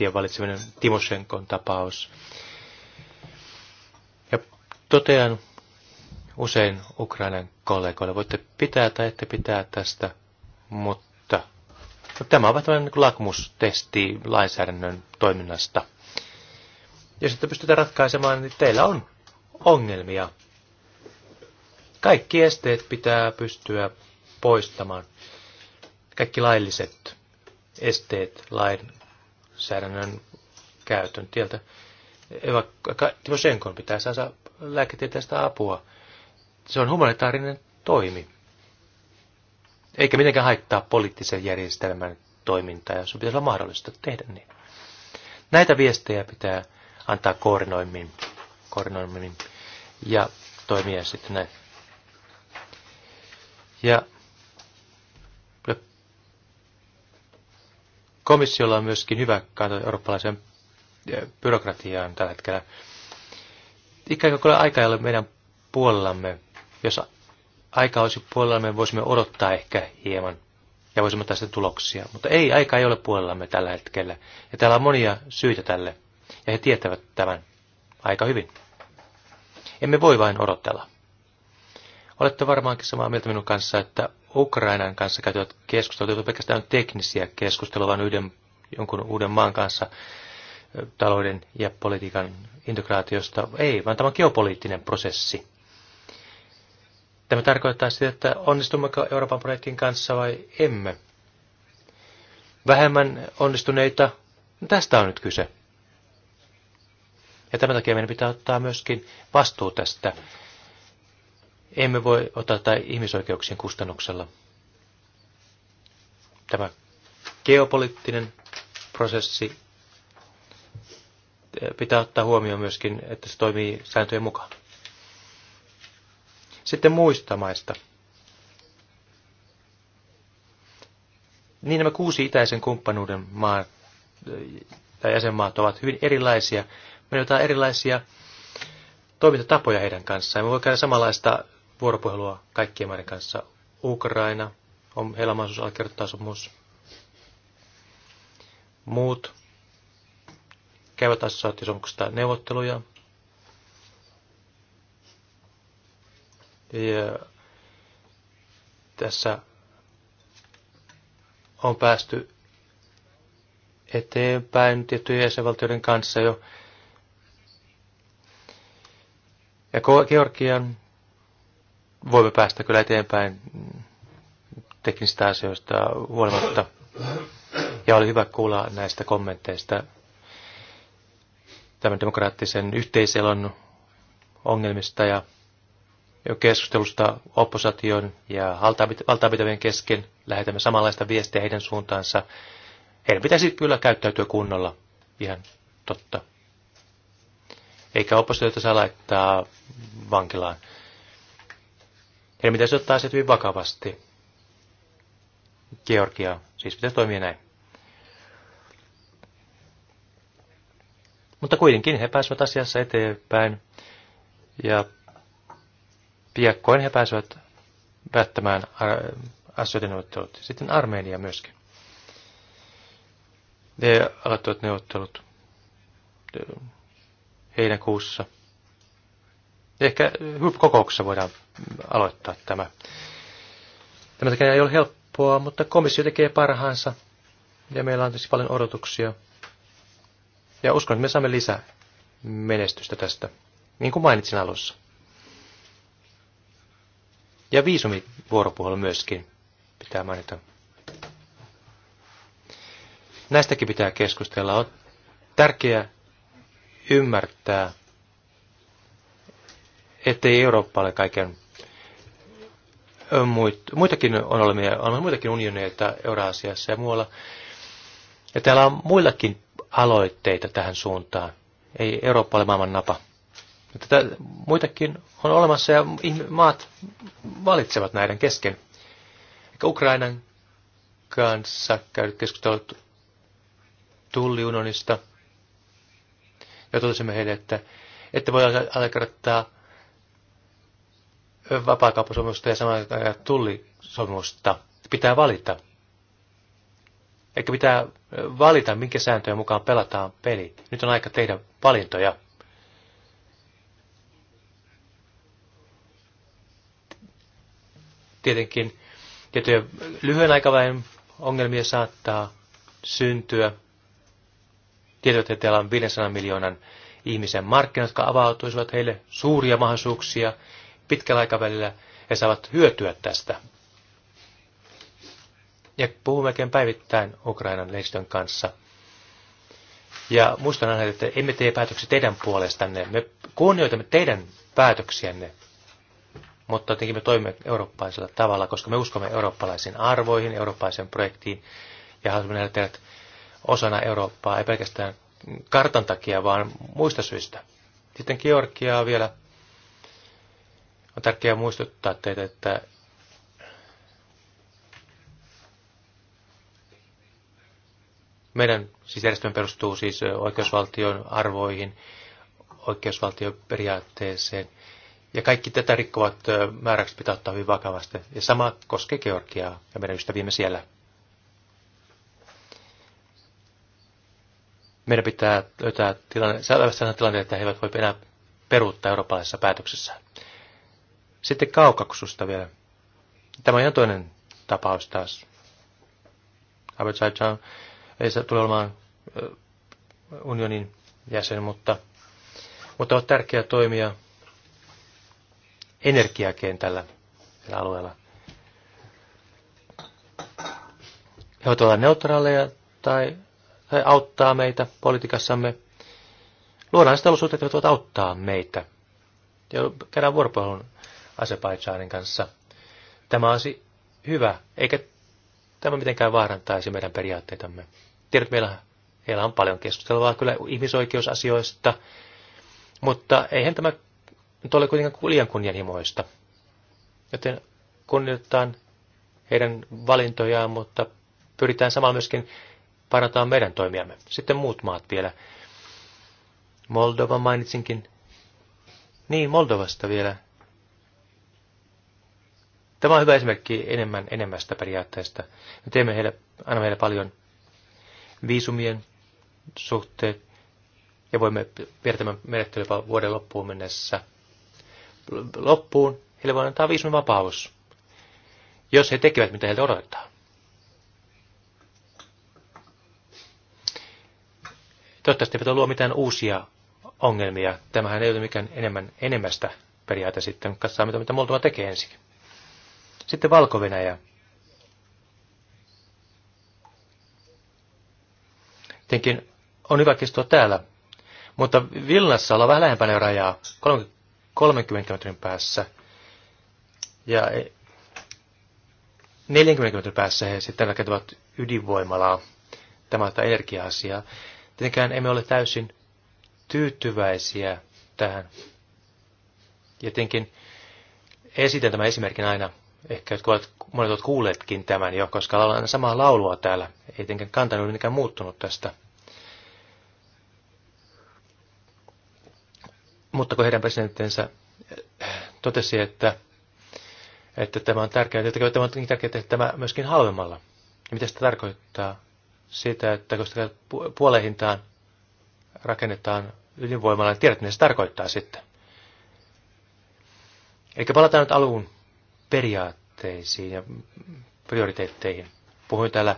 ja valitseminen, Timoshenkon tapaus. Ja totean usein Ukrainan kollegoille, voitte pitää tai ette pitää tästä, mutta no, tämä on vähän tämmöinen niin lakmustesti lainsäädännön toiminnasta. Jos sitten pystytään ratkaisemaan, niin teillä on ongelmia. Kaikki esteet pitää pystyä poistamaan kaikki lailliset esteet lainsäädännön käytön tieltä. Eva Timoshenkon pitää saada lääketieteestä apua. Se on humanitaarinen toimi. Eikä mitenkään haittaa poliittisen järjestelmän toimintaa, jos se pitäisi olla mahdollista tehdä niin. Näitä viestejä pitää antaa koordinoimmin, koordinoimmin ja toimia sitten näin. Ja Komissiolla on myöskin hyvä kanta eurooppalaisen eh, byrokratiaan tällä hetkellä. Ikään kuin aika ei ole meidän puolellamme. Jos aika olisi puolellamme, voisimme odottaa ehkä hieman ja voisimme tästä tuloksia. Mutta ei, aika ei ole puolellamme tällä hetkellä. Ja täällä on monia syitä tälle. Ja he tietävät tämän aika hyvin. Emme voi vain odotella. Olette varmaankin samaa mieltä minun kanssa, että Ukrainan kanssa käytävät keskustelut ovat pelkästään teknisiä keskusteluja, vaan yhden, jonkun uuden maan kanssa talouden ja politiikan integraatiosta. Ei, vaan tämä on geopoliittinen prosessi. Tämä tarkoittaa sitä, että onnistummeko Euroopan projektin kanssa vai emme. Vähemmän onnistuneita, no, tästä on nyt kyse. Ja tämän takia meidän pitää ottaa myöskin vastuu tästä emme voi ottaa tätä ihmisoikeuksien kustannuksella. Tämä geopoliittinen prosessi eh, pitää ottaa huomioon myöskin, että se toimii sääntöjen mukaan. Sitten muista maista. Niin nämä kuusi itäisen kumppanuuden maa, eh, tai jäsenmaat ovat hyvin erilaisia. Meillä on erilaisia toimintatapoja heidän kanssaan. Me voi käydä samanlaista vuoropuhelua kaikkien maiden kanssa. Ukraina, on, heillä mahdollisuus allekirjoittaa sopimus. Muut käyvät assosiaatiosopimuksesta neuvotteluja. Ja tässä on päästy eteenpäin tiettyjen jäsenvaltioiden kanssa jo. Ja Georgian voimme päästä kyllä eteenpäin teknisistä asioista huolimatta. Ja oli hyvä kuulla näistä kommenteista tämän demokraattisen yhteiselon ongelmista ja keskustelusta opposition ja valtaapitävien kesken. Lähetämme samanlaista viestiä heidän suuntaansa. Heidän pitäisi kyllä käyttäytyä kunnolla, ihan totta. Eikä oppositiota saa laittaa vankilaan. Heidän pitäisi ottaa asiat hyvin vakavasti. Georgia, siis pitäisi toimia näin. Mutta kuitenkin he pääsevät asiassa eteenpäin ja piakkoin he pääsevät päättämään äh, asioiden neuvottelut. Sitten Armenia myöskin. Ne aloittavat neuvottelut äh, heinäkuussa. Ehkä äh, kokouksessa voidaan aloittaa tämä. Tämä tekee ei ole helppoa, mutta komissio tekee parhaansa ja meillä on tietysti paljon odotuksia. Ja uskon, että me saamme lisää menestystä tästä, niin kuin mainitsin alussa. Ja viisumivuoropuhelu myöskin pitää mainita. Näistäkin pitää keskustella. On tärkeää ymmärtää, ettei Eurooppa ole kaiken muitakin on olemassa muitakin unioneita Euraasiassa ja muualla. Ja täällä on muillakin aloitteita tähän suuntaan. Ei Eurooppa ole maailman napa. Tätä muitakin on olemassa ja maat valitsevat näiden kesken. Eikä Ukrainan kanssa käydyt keskustelut tulliunionista. Ja totesimme heille, että, että voi alkaa vapaakauppasopimusta ja samaan aikaan tullisopimusta. Pitää valita. Eikä pitää valita, minkä sääntöjen mukaan pelataan peli. Nyt on aika tehdä valintoja. Tietenkin tiettyjä lyhyen aikavälin ongelmia saattaa syntyä. Tietyt, että on 500 miljoonan ihmisen markkinat, jotka avautuisivat heille suuria mahdollisuuksia pitkällä aikavälillä ja saavat hyötyä tästä. Ja puhummekin päivittäin Ukrainan lehdistön kanssa. Ja muistan aina, että emme tee päätöksiä teidän puolestanne. Me kunnioitamme teidän päätöksiänne, mutta tietenkin me toimimme eurooppalaisella tavalla, koska me uskomme eurooppalaisiin arvoihin, eurooppalaiseen projektiin ja haluamme nähdä teidät osana Eurooppaa, ei pelkästään kartan takia, vaan muista syistä. Sitten Georgiaa vielä on tärkeää muistuttaa teitä, että meidän siis järjestelmä perustuu siis oikeusvaltion arvoihin, oikeusvaltioperiaatteeseen. Ja kaikki tätä rikkovat määräykset pitää ottaa hyvin vakavasti. Ja sama koskee Georgiaa ja meidän ystäviimme siellä. Meidän pitää löytää tilanne, sellaista tilanteita, että he eivät voi enää peruuttaa eurooppalaisessa päätöksessään. Sitten kaukaksusta vielä. Tämä on ihan toinen tapaus taas. Azerbaijan ei saa tule olemaan unionin jäsen, mutta, mutta on tärkeää toimia energiakentällä tällä alueella. He ovat olla neutraaleja tai, tai auttaa meitä politiikassamme. Luodaan sitä olosuhteita, että voivat auttaa meitä. Ja käydään vuoropuhelun Azerbaidžanin kanssa. Tämä olisi hyvä, eikä tämä mitenkään vaarantaisi meidän periaatteitamme. Tiedät, meillä, meillä on paljon keskustelua kyllä ihmisoikeusasioista, mutta eihän tämä nyt ole kuitenkaan liian kunnianhimoista. Joten kunnioitetaan heidän valintojaan, mutta pyritään samalla myöskin parantamaan meidän toimiamme. Sitten muut maat vielä. Moldova mainitsinkin. Niin, Moldovasta vielä. Tämä on hyvä esimerkki enemmän enemmästä periaatteesta. Me teemme heille, aina meille paljon viisumien suhteen ja voimme viedä tämän menettelyn jopa vuoden loppuun mennessä. Loppuun heille voi antaa viisumivapaus, jos he tekevät mitä heiltä odotetaan. Toivottavasti eivät luo mitään uusia ongelmia. Tämähän ei ole mikään enemmän enemmästä periaate sitten. Katsotaan, mitä, mitä Moldova tekee ensin. Sitten valko -Venäjä. Tietenkin on hyvä kistua täällä, mutta Vilnassa ollaan vähän lähempänä rajaa, 30 kilometrin päässä. Ja 40 e- kilometrin päässä he sitten rakentavat ydinvoimalaa. Tämä on energia-asiaa. Tietenkään emme ole täysin tyytyväisiä tähän. Jotenkin esitän tämän esimerkin aina Ehkä jotkut ovat, monet ovat kuulleetkin tämän jo, koska laulan samaa laulua täällä. Ei tietenkään kantanut mitenkään muuttunut tästä. Mutta kun heidän presidenttinsä äh, totesi, että, että tämä on tärkeää, että tämä on niin tärkeää tehdä tämä myöskin halvemmalla. Ja niin mitä sitä tarkoittaa? Sitä, että koska puoleen hintaan rakennetaan ydinvoimalla, niin tiedät, mitä se tarkoittaa sitten. Eli palataan nyt alun periaatteisiin ja prioriteetteihin. Puhuin täällä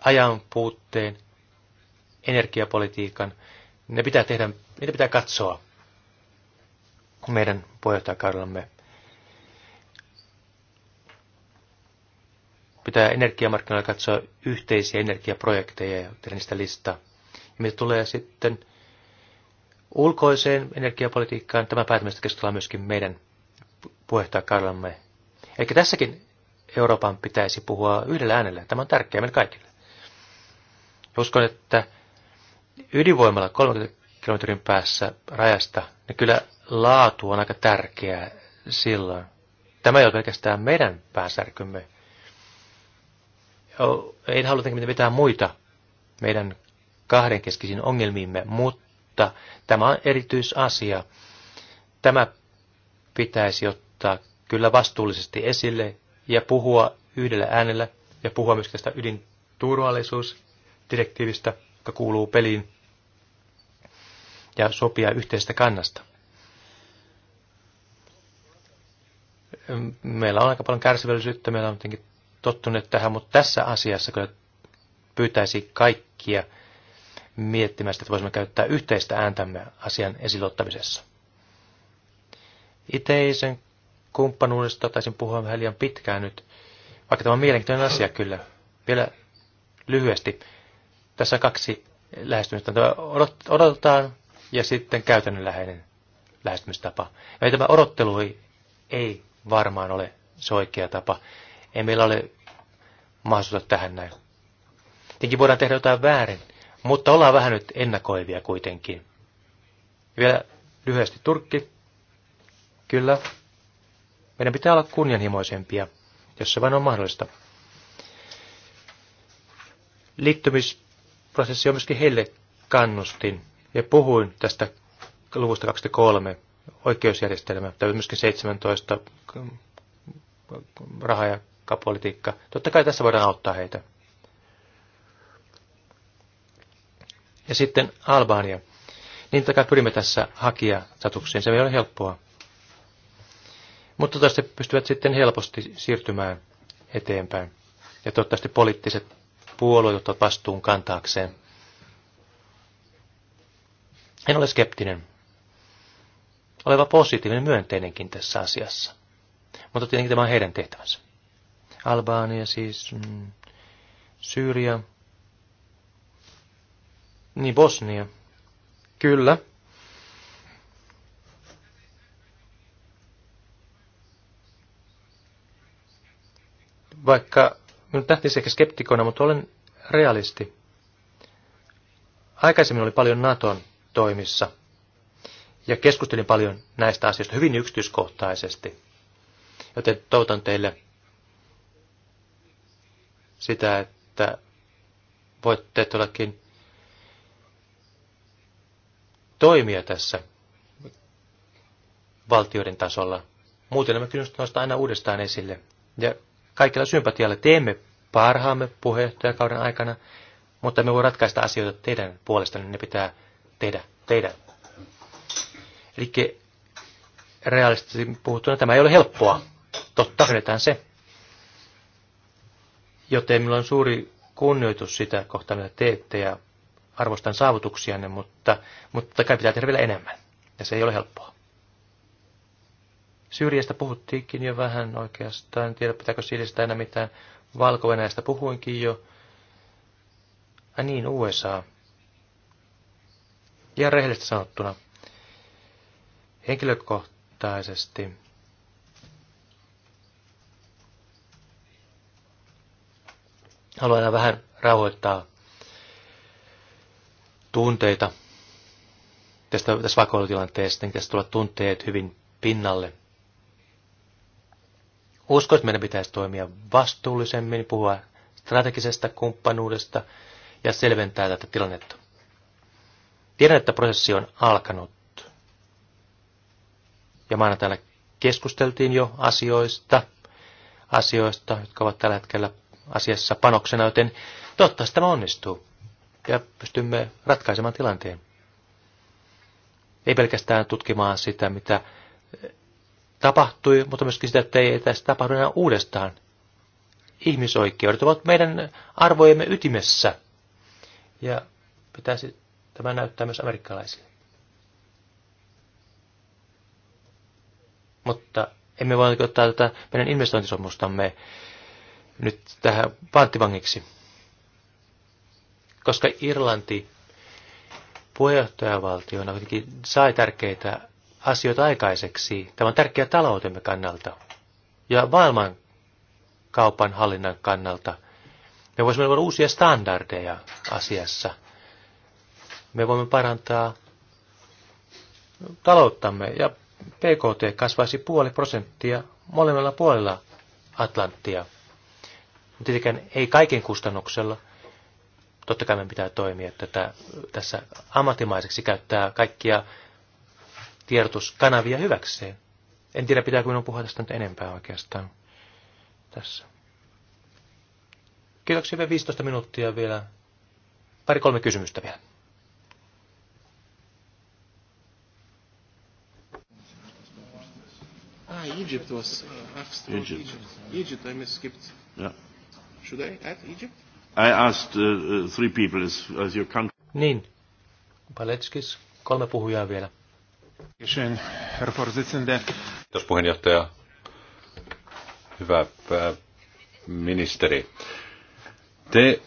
ajan puutteen, energiapolitiikan. Ne pitää tehdä, niitä pitää katsoa meidän puheenjohtajakaudellamme. Pitää energiamarkkinoilla katsoa yhteisiä energiaprojekteja ja tehdä niistä listaa. Ja mitä tulee sitten ulkoiseen energiapolitiikkaan, tämä päätämistä keskustellaan myöskin meidän puheenjohtajakaudellamme Eli tässäkin Euroopan pitäisi puhua yhdellä äänellä. Tämä on tärkeää meille kaikille. Uskon, että ydinvoimalla 30 kilometrin päässä rajasta, niin kyllä laatu on aika tärkeää silloin. Tämä ei ole pelkästään meidän päänsärkymme. Ei haluta mitään muita meidän kahdenkeskisiin ongelmiimme, mutta tämä on erityisasia. Tämä pitäisi ottaa kyllä vastuullisesti esille ja puhua yhdellä äänellä ja puhua myös tästä ydinturvallisuusdirektiivistä, joka kuuluu peliin, ja sopia yhteistä kannasta. Meillä on aika paljon kärsivällisyyttä, meillä on jotenkin tottuneet tähän, mutta tässä asiassa kyllä pyytäisi kaikkia miettimään että voisimme käyttää yhteistä ääntämme asian esilottamisessa. Iteisen kumppanuudesta taisin puhua vähän liian pitkään nyt, vaikka tämä on mielenkiintoinen asia kyllä. Vielä lyhyesti. Tässä on kaksi lähestymistä. Tämä odotetaan ja sitten käytännönläheinen lähestymistapa. Ja tämä odottelu ei, ei varmaan ole se oikea tapa. Ei meillä ole mahdollisuutta tähän näin. Tietenkin voidaan tehdä jotain väärin, mutta ollaan vähän nyt ennakoivia kuitenkin. Vielä lyhyesti Turkki. Kyllä, meidän pitää olla kunnianhimoisempia, jos se vain on mahdollista. Liittymisprosessi on myöskin heille kannustin, ja puhuin tästä luvusta 23, oikeusjärjestelmä, tai myöskin 17, raha- ja kapolitiikka. Totta kai tässä voidaan auttaa heitä. Ja sitten Albania. Niin takaa pyrimme tässä hakijastatukseen. Se ei ole helppoa. Mutta toivottavasti pystyvät sitten helposti siirtymään eteenpäin. Ja toivottavasti poliittiset puolueet ottavat vastuun kantaakseen. En ole skeptinen. Oleva positiivinen myönteinenkin tässä asiassa. Mutta tietenkin tämä on heidän tehtävänsä. Albaania siis, mm, Syyria, niin Bosnia. Kyllä, vaikka minut nähtiin ehkä skeptikona, mutta olen realisti. Aikaisemmin oli paljon Naton toimissa ja keskustelin paljon näistä asioista hyvin yksityiskohtaisesti. Joten toivotan teille sitä, että voitte todellakin toimia tässä valtioiden tasolla. Muuten nämä kysymykset nostaa aina uudestaan esille. Ja kaikilla sympatialla teemme parhaamme puheenjohtajakauden aikana, mutta me voi ratkaista asioita teidän puolestanne, ne pitää tehdä teidän. Eli realistisesti puhuttuna tämä ei ole helppoa. Totta, hyödytään se. Joten minulla on suuri kunnioitus sitä kohtaan, mitä teette ja arvostan saavutuksianne, mutta, mutta kai pitää tehdä vielä enemmän. Ja se ei ole helppoa syrjästä puhuttiinkin jo vähän oikeastaan, en tiedä pitääkö siitä enää mitään. valko puhuinkin jo. ja niin, USA. Ja rehellisesti sanottuna, henkilökohtaisesti haluan vähän rauhoittaa tunteita tästä, tästä vakoilutilanteesta, niin tästä tulla tunteet hyvin pinnalle – Uskon, että meidän pitäisi toimia vastuullisemmin, puhua strategisesta kumppanuudesta ja selventää tätä tilannetta. Tiedän, että prosessi on alkanut. Ja täällä keskusteltiin jo asioista, asioista, jotka ovat tällä hetkellä asiassa panoksena, joten toivottavasti tämä onnistuu ja pystymme ratkaisemaan tilanteen. Ei pelkästään tutkimaan sitä, mitä tapahtui, mutta myöskin sitä, että ei tästä tapahdu enää uudestaan. Ihmisoikeudet ovat meidän arvojemme ytimessä. Ja pitäisi tämä näyttää myös amerikkalaisille. Mutta emme voi ottaa tätä meidän investointisopimustamme nyt tähän panttivangiksi. Koska Irlanti puheenjohtajavaltiona kuitenkin sai tärkeitä asioita aikaiseksi. Tämä on tärkeä taloutemme kannalta ja maailman kaupan hallinnan kannalta. Me voisimme luoda uusia standardeja asiassa. Me voimme parantaa talouttamme ja PKT kasvaisi puoli prosenttia molemmilla puolilla Atlanttia. Tietenkään ei kaiken kustannuksella. Totta kai meidän pitää toimia tätä, tässä ammattimaiseksi, käyttää kaikkia tiedotuskanavia hyväkseen. En tiedä, pitääkö minun puhua tästä nyt enempää oikeastaan tässä. Kiitoksia vielä 15 minuuttia vielä. Pari-kolme kysymystä vielä. Ah, Egypt was uh, after Egypt. Egypt. Egypt, I skipped. Yeah. Should I add Egypt? I asked uh, uh three people as, as your country. Niin. Paletskis, kolme puhujaa vielä. Kiitos puheenjohtaja. Hyvä äh, ministeri. Te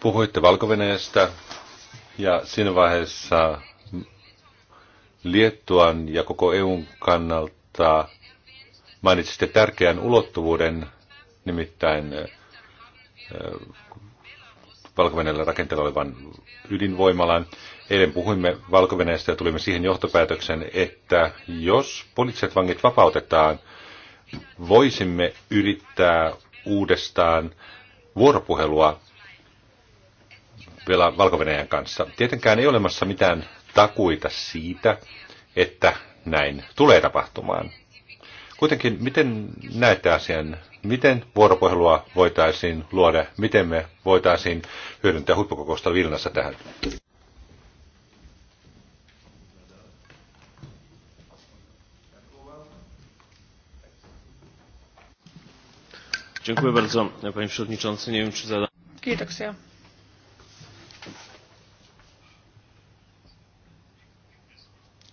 puhuitte valko ja siinä vaiheessa Liettuan ja koko EUn kannalta mainitsitte tärkeän ulottuvuuden, nimittäin äh, valko rakenteella olevan ydinvoimalan. Eilen puhuimme valko ja tulimme siihen johtopäätöksen, että jos poliittiset vangit vapautetaan, voisimme yrittää uudestaan vuoropuhelua vielä valko kanssa. Tietenkään ei olemassa mitään takuita siitä, että näin tulee tapahtumaan. Kuitenkin, miten näette asian? Miten vuoropuhelua voitaisiin luoda? Miten me voitaisiin hyödyntää huippukokousta Vilnassa tähän? Dziękuję bardzo, panie przewodniczący. Nie wiem, czy zada... Kiitoksia.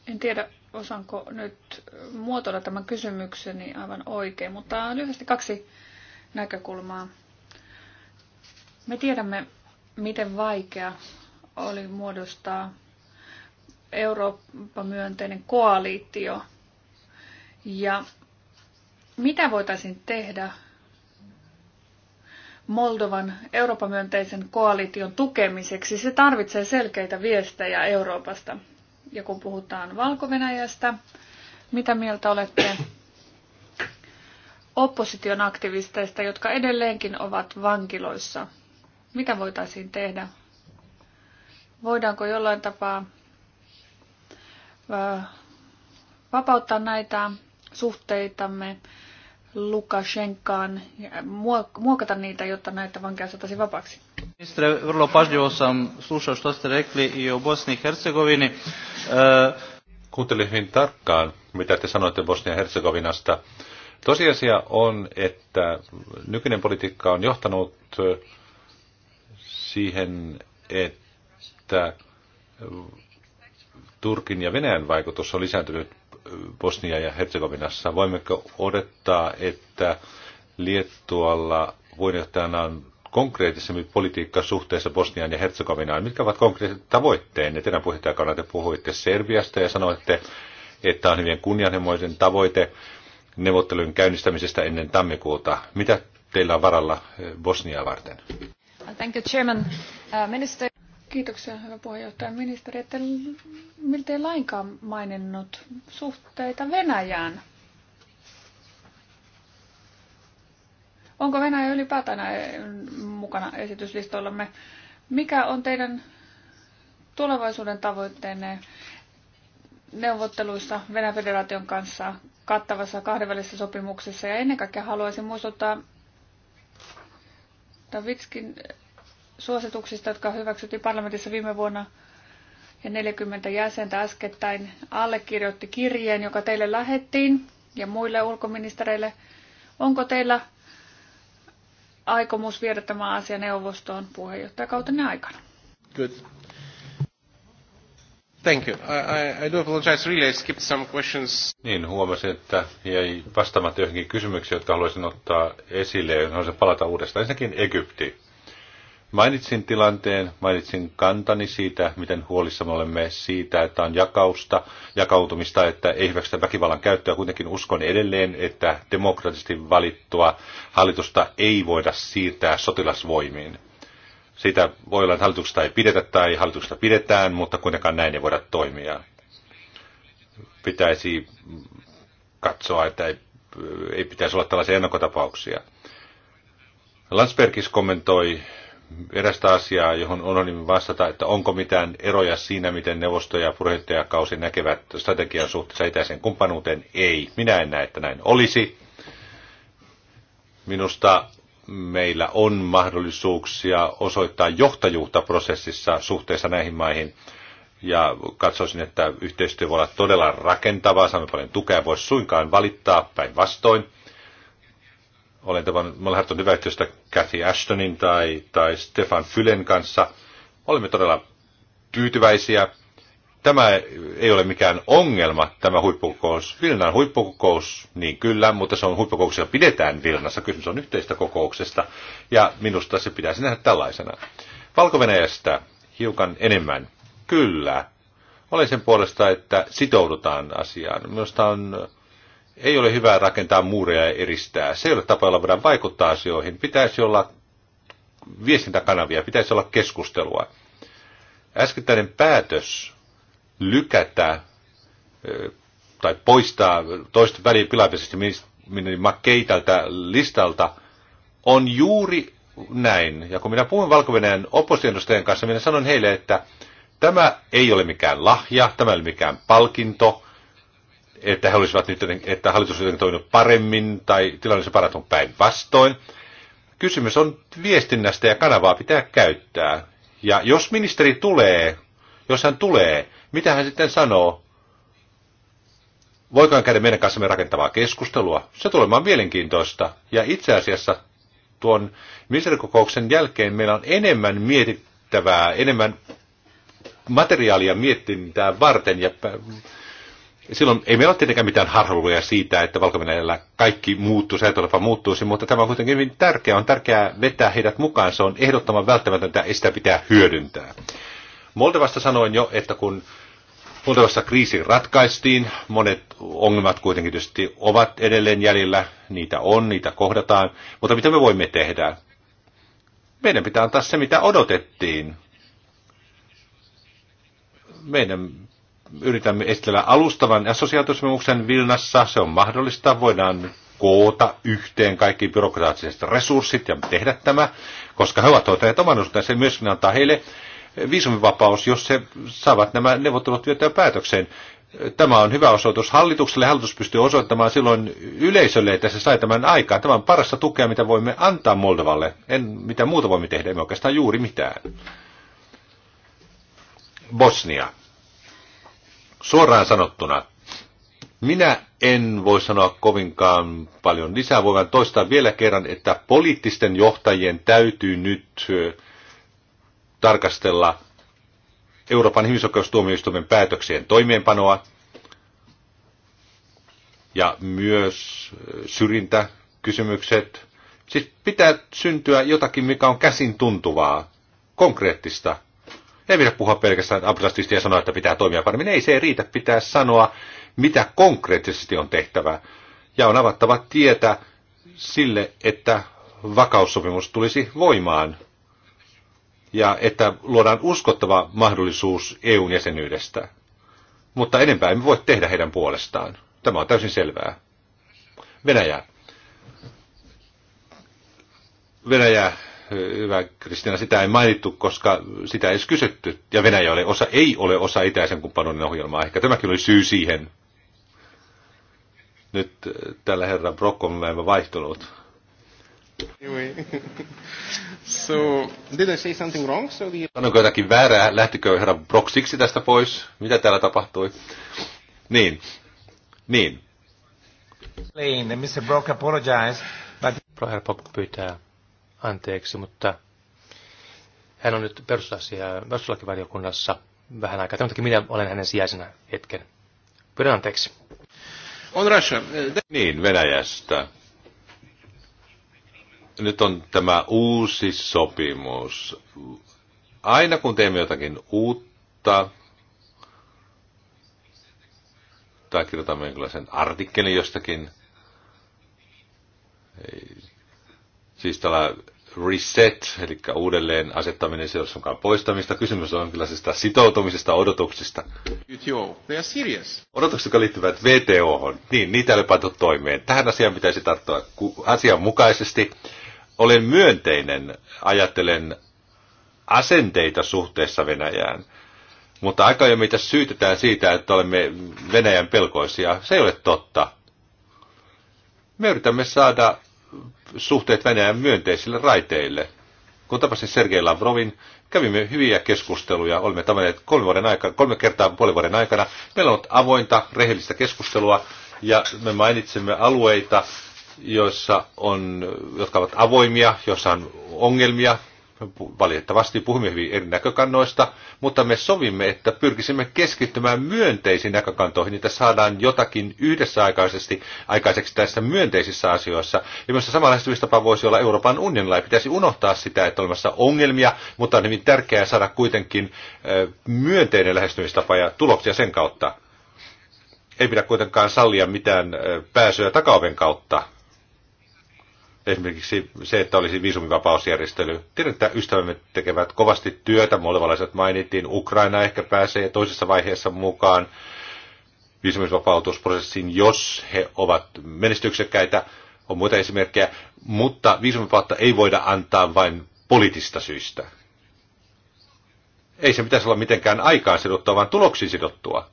En tiedä, osaanko nyt muotoilla tämän kysymykseni aivan oikein, mutta lyhyesti kaksi näkökulmaa. Me tiedämme, miten vaikea oli muodostaa Eurooppa-myönteinen koaliitio ja mitä voitaisiin tehdä Moldovan Euroopan myönteisen koalition tukemiseksi? Se tarvitsee selkeitä viestejä Euroopasta ja kun puhutaan valko mitä mieltä olette opposition aktivisteista, jotka edelleenkin ovat vankiloissa? Mitä voitaisiin tehdä? Voidaanko jollain tapaa vapauttaa näitä suhteitamme Lukashenkaan ja muokata niitä, jotta näitä vankeja saataisiin vapaaksi? Ministre, vrlo pažljivo sam slušao što ste rekli i o Bosni i Hercegovini. E, Kuuntelin hyvin tarkkaan, mitä te sanoitte bosnia Hercegovinasta. Tosiasia on, että nykyinen politiikka on johtanut siihen, että Turkin ja Venäjän vaikutus on lisääntynyt Bosnia ja Herzegovinassa. Voimmeko odottaa, että Liettualla puheenjohtajana on konkreettisemmin politiikka suhteessa Bosniaan ja Herzegovinaan? Mitkä ovat konkreettiset tavoitteenne? Teidän puheenjohtajakana te puhuitte Serbiasta ja sanoitte, että on hyvin kunnianhimoisen tavoite neuvottelujen käynnistämisestä ennen tammikuuta. Mitä teillä on varalla eh, Bosniaa varten? Thank you, Chairman. Uh, minister... Kiitoksia, hyvä puheenjohtaja. Ministeri, ette miltei lainkaan maininnut suhteita Venäjään. Onko Venäjä ylipäätään mukana esityslistoillamme? Mikä on teidän tulevaisuuden tavoitteenne neuvotteluissa Venäjän federaation kanssa kattavassa kahdenvälisessä sopimuksessa? Ja ennen kaikkea haluaisin muistuttaa Davitskin suosituksista, jotka hyväksyttiin parlamentissa viime vuonna ja 40 jäsentä äskettäin allekirjoitti kirjeen, joka teille lähettiin ja muille ulkoministereille. Onko teillä aikomus viedä tämä asia neuvostoon puheenjohtajakautenne aikana. Good. Thank you. I, I do apologize. Really, I skipped some questions. Niin, huomasin, että jäi vastaamatta johonkin kysymyksiin, jotka haluaisin ottaa esille, jos haluaisin palata uudestaan. Ensinnäkin Egypti. Mainitsin tilanteen, mainitsin kantani siitä, miten huolissa me olemme siitä, että on jakausta, jakautumista, että ei hyväksytä väkivallan käyttöä. Kuitenkin uskon edelleen, että demokraattisesti valittua hallitusta ei voida siirtää sotilasvoimiin. Siitä voi olla, että hallituksesta ei pidetä tai hallituksesta pidetään, mutta kuitenkaan näin ei voida toimia. Pitäisi katsoa, että ei, ei pitäisi olla tällaisia ennakkotapauksia. Landsbergis kommentoi erästä asiaa, johon on vastata, että onko mitään eroja siinä, miten neuvosto ja puheenjohtajakausi näkevät strategian suhteessa itäiseen kumppanuuteen. Ei, minä en näe, että näin olisi. Minusta meillä on mahdollisuuksia osoittaa johtajuutta prosessissa suhteessa näihin maihin. Ja katsoisin, että yhteistyö voi olla todella rakentavaa, saamme paljon tukea, voisi suinkaan valittaa päinvastoin. Olen tavan, me ollaan hyvää yhteistyötä Ashtonin tai, tai Stefan Fylen kanssa. Olemme todella tyytyväisiä. Tämä ei ole mikään ongelma, tämä huippukokous. Vilnan huippukokous, niin kyllä, mutta se on huippukokous, joka pidetään Vilnassa. Kysymys on yhteistä kokouksesta, ja minusta se pitäisi nähdä tällaisena. valko hiukan enemmän. Kyllä. Olen sen puolesta, että sitoudutaan asiaan. Minusta on ei ole hyvä rakentaa muureja ja eristää. Se ei ole tapa, jolla voidaan vaikuttaa asioihin. Pitäisi olla viestintäkanavia, pitäisi olla keskustelua. Äskettäinen päätös lykätä tai poistaa toista väliin pilaamisesta McKay listalta on juuri näin. Ja kun minä puhun valko oppositioedustajien kanssa, minä sanon heille, että tämä ei ole mikään lahja, tämä ei ole mikään palkinto, että, he olisivat nyt, että hallitus on toiminut paremmin tai tilanne olisi parantunut päinvastoin. Kysymys on viestinnästä ja kanavaa pitää käyttää. Ja jos ministeri tulee, jos hän tulee, mitä hän sitten sanoo? Voiko hän käydä meidän kanssamme rakentavaa keskustelua? Se tulee olemaan mielenkiintoista. Ja itse asiassa tuon ministerikokouksen jälkeen meillä on enemmän mietittävää, enemmän materiaalia mietintää varten ja silloin ei meillä ole tietenkään mitään harhaluja siitä, että valko kaikki muuttuu, säätölapa muuttuisi, mutta tämä on kuitenkin hyvin tärkeää. On tärkeää vetää heidät mukaan. Se on ehdottoman välttämätöntä ja sitä pitää hyödyntää. Moldovasta sanoin jo, että kun Moldovassa kriisi ratkaistiin, monet ongelmat kuitenkin tietysti ovat edelleen jäljellä, niitä on, niitä kohdataan, mutta mitä me voimme tehdä? Meidän pitää antaa se, mitä odotettiin. Meidän yritämme esitellä alustavan assosiaatiosopimuksen Vilnassa. Se on mahdollista. Voidaan koota yhteen kaikki byrokraattiset resurssit ja tehdä tämä, koska he ovat hoitaneet oman osuuteen. Se myöskin antaa heille viisumivapaus, jos he saavat nämä neuvottelut vietyä päätökseen. Tämä on hyvä osoitus hallitukselle. Hallitus pystyy osoittamaan silloin yleisölle, että se sai tämän aikaa. Tämä on parasta tukea, mitä voimme antaa Moldovalle. En, mitä muuta voimme tehdä, emme oikeastaan juuri mitään. Bosnia. Suoraan sanottuna, minä en voi sanoa kovinkaan paljon lisää. Voin toistaa vielä kerran, että poliittisten johtajien täytyy nyt tarkastella Euroopan ihmisoikeustuomioistuimen päätöksien toimeenpanoa ja myös syrjintäkysymykset. Siis pitää syntyä jotakin, mikä on käsin tuntuvaa, konkreettista. Ei pidä puhua pelkästään abstraktisti ja sanoa, että pitää toimia paremmin. Ei se ei riitä, pitää sanoa, mitä konkreettisesti on tehtävä. Ja on avattava tietä sille, että vakaussopimus tulisi voimaan ja että luodaan uskottava mahdollisuus EUn jäsenyydestä. Mutta enempää emme voi tehdä heidän puolestaan. Tämä on täysin selvää. Venäjä. Venäjä hyvä Kristina, sitä ei mainittu, koska sitä ei edes kysytty. Ja Venäjä ole osa, ei ole osa itäisen kumppanuuden ohjelmaa. Ehkä tämäkin oli syy siihen. Nyt äh, tällä herran Brock on vaihtunut. Anyway. [laughs] so, did I say something wrong? So the... Sanoinko jotakin väärää? Lähtikö herra Brock siksi tästä pois? Mitä täällä tapahtui? Niin. Niin. Mr. Brock apologize, but... Herra Brock pyytää anteeksi, mutta hän on nyt perustuslakivaliokunnassa vähän aikaa. Tämä minä olen hänen sijaisena hetken. Pyydän anteeksi. On Russia. Niin, Venäjästä. Nyt on tämä uusi sopimus. Aina kun teemme jotakin uutta, tai kirjoitamme jonkinlaisen artikkelin jostakin, Siis tällä reset, eli uudelleen asettaminen, se ei poistamista. Kysymys on kyllä siis sitoutumisesta odotuksista. WTO, they are serious. Odotukset, jotka liittyvät VTOhon, niin niitä ei ole toimeen. Tähän asiaan pitäisi tarttua asianmukaisesti. Olen myönteinen, ajattelen asenteita suhteessa Venäjään. Mutta aika jo meitä syytetään siitä, että olemme Venäjän pelkoisia. Se ei ole totta. Me yritämme saada suhteet Venäjän myönteisille raiteille. Kun tapasin Sergei Lavrovin, kävimme hyviä keskusteluja. Olemme tavanneet kolme, vuoden aikana, kolme kertaa puolen vuoden aikana. Meillä on ollut avointa, rehellistä keskustelua ja me mainitsemme alueita, joissa on, jotka ovat avoimia, joissa on ongelmia, Valitettavasti puhumme hyvin eri näkökannoista, mutta me sovimme, että pyrkisimme keskittymään myönteisiin näkökantoihin, että saadaan jotakin yhdessä aikaisesti, aikaiseksi tässä myönteisissä asioissa. Ja myös samalla lähestymistapa voisi olla Euroopan unionilla. Ei pitäisi unohtaa sitä, että on olemassa ongelmia, mutta on hyvin tärkeää saada kuitenkin myönteinen lähestymistapa ja tuloksia sen kautta. Ei pidä kuitenkaan sallia mitään pääsyä takaoven kautta esimerkiksi se, että olisi viisumivapausjärjestely. Tiedän, että ystävämme tekevät kovasti työtä, molemmalaiset mainittiin, Ukraina ehkä pääsee toisessa vaiheessa mukaan viisumivapautusprosessiin, jos he ovat menestyksekkäitä. On muita esimerkkejä, mutta viisumivapautta ei voida antaa vain poliittista syistä. Ei se pitäisi olla mitenkään aikaan sidottua, vaan tuloksiin sidottua.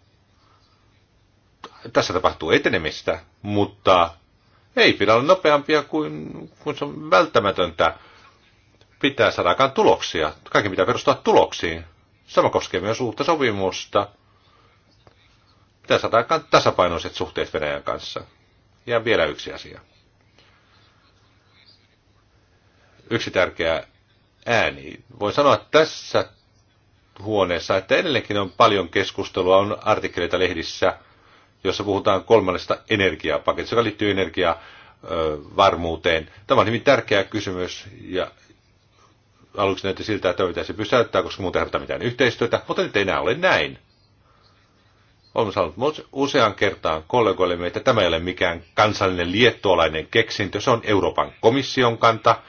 Tässä tapahtuu etenemistä, mutta ei pidä olla nopeampia kuin, kuin se on välttämätöntä. Pitää saada aikaan tuloksia. Kaikki pitää perustua tuloksiin. Sama koskee myös uutta sopimusta. Pitää saada aikaan tasapainoiset suhteet Venäjän kanssa. Ja vielä yksi asia. Yksi tärkeä ääni. Voin sanoa tässä huoneessa, että edelleenkin on paljon keskustelua, on artikkeleita lehdissä – jossa puhutaan kolmannesta energiapaketista, joka liittyy energiavarmuuteen. Tämä on hyvin tärkeä kysymys ja aluksi näytti siltä, että pitäisi pysäyttää, koska muuten ei mitään yhteistyötä, mutta nyt ei enää ole näin. Olemme sanonut usean kertaan kollegoille että tämä ei ole mikään kansallinen liettualainen keksintö, se on Euroopan komission kanta –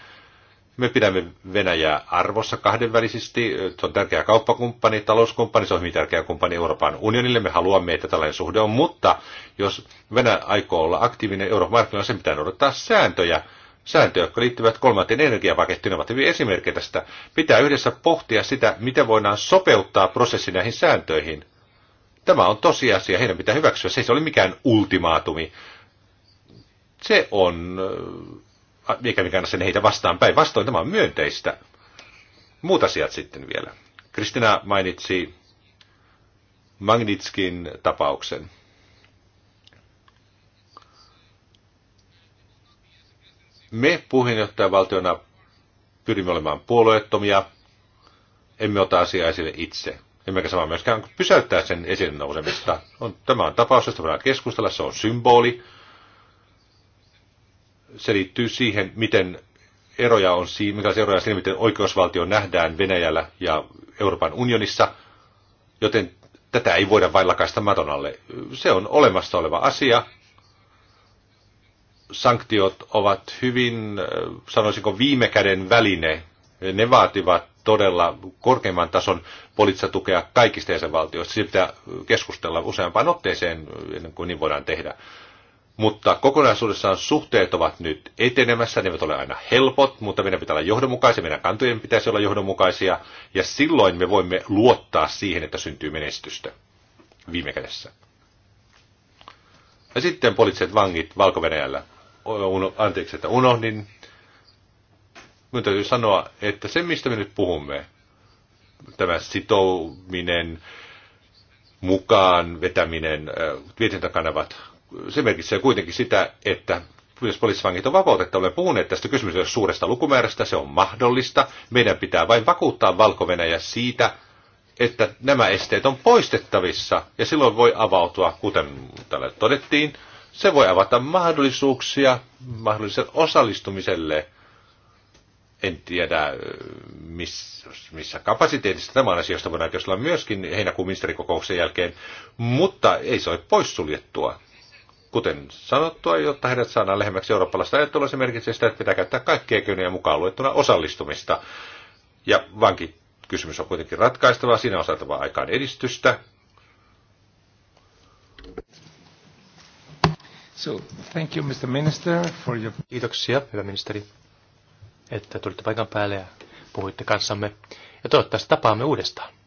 me pidämme Venäjää arvossa kahdenvälisesti. Se on tärkeä kauppakumppani, talouskumppani, se on hyvin tärkeä kumppani Euroopan unionille. Me haluamme, että tällainen suhde on, mutta jos Venäjä aikoo olla aktiivinen Euroopan markkinoilla, sen pitää noudattaa sääntöjä. Sääntöjä, jotka liittyvät kolmanteen energiapakettiin, ovat hyvin esimerkkejä tästä. Pitää yhdessä pohtia sitä, miten voidaan sopeuttaa prosessi näihin sääntöihin. Tämä on tosiasia, heidän pitää hyväksyä. Se ei ole mikään ultimaatumi. Se on eikä mikään sen heitä vastaan päin. Vastoin tämä on myönteistä. Muut asiat sitten vielä. Kristina mainitsi Magnitskin tapauksen. Me puheenjohtajavaltiona pyrimme olemaan puolueettomia, emme ota asiaa esille itse. Emmekä samaa myöskään pysäyttää sen esille nousemista. On, tämä on tapaus, josta voidaan keskustella, se on symboli, se liittyy siihen, miten eroja on, minkälaisia eroja on siinä, miten oikeusvaltio nähdään Venäjällä ja Euroopan unionissa, joten tätä ei voida vain lakaista maton alle. Se on olemassa oleva asia. Sanktiot ovat hyvin, sanoisinko, viime käden väline. Ne vaativat todella korkeimman tason poliittista tukea kaikista jäsenvaltioista. Siitä pitää keskustella useampaan otteeseen ennen kuin niin voidaan tehdä. Mutta kokonaisuudessaan suhteet ovat nyt etenemässä, ne eivät ole aina helpot, mutta meidän pitää olla johdonmukaisia, meidän kantojen pitäisi olla johdonmukaisia, ja silloin me voimme luottaa siihen, että syntyy menestystä viime kädessä. Ja sitten poliittiset vangit valko -Venäjällä. Anteeksi, että unohdin. Minun täytyy sanoa, että se mistä me nyt puhumme, tämä sitouminen, mukaan vetäminen, viestintäkanavat, se merkitsee kuitenkin sitä, että jos poliisivangit on vapautettu, olemme puhuneet tästä kysymyksestä suuresta lukumäärästä, se on mahdollista. Meidän pitää vain vakuuttaa valko siitä, että nämä esteet on poistettavissa ja silloin voi avautua, kuten täällä todettiin, se voi avata mahdollisuuksia mahdolliselle osallistumiselle. En tiedä, missä kapasiteetissa tämä on asioista voidaan keskustella myöskin heinäkuun ministerikokouksen jälkeen, mutta ei se ole poissuljettua. Kuten sanottua, jotta heidät saadaan lähemmäksi eurooppalaista ajattelua, se merkitsee sitä, että pitää käyttää kaikkia keinoja mukaan luettuna osallistumista. Ja vanki kysymys on kuitenkin ratkaistava, siinä on saatava aikaan edistystä. So, thank you, Mr. Minister, for your... Kiitoksia, hyvä ministeri, että tulitte paikan päälle ja puhuitte kanssamme. Ja toivottavasti tapaamme uudestaan.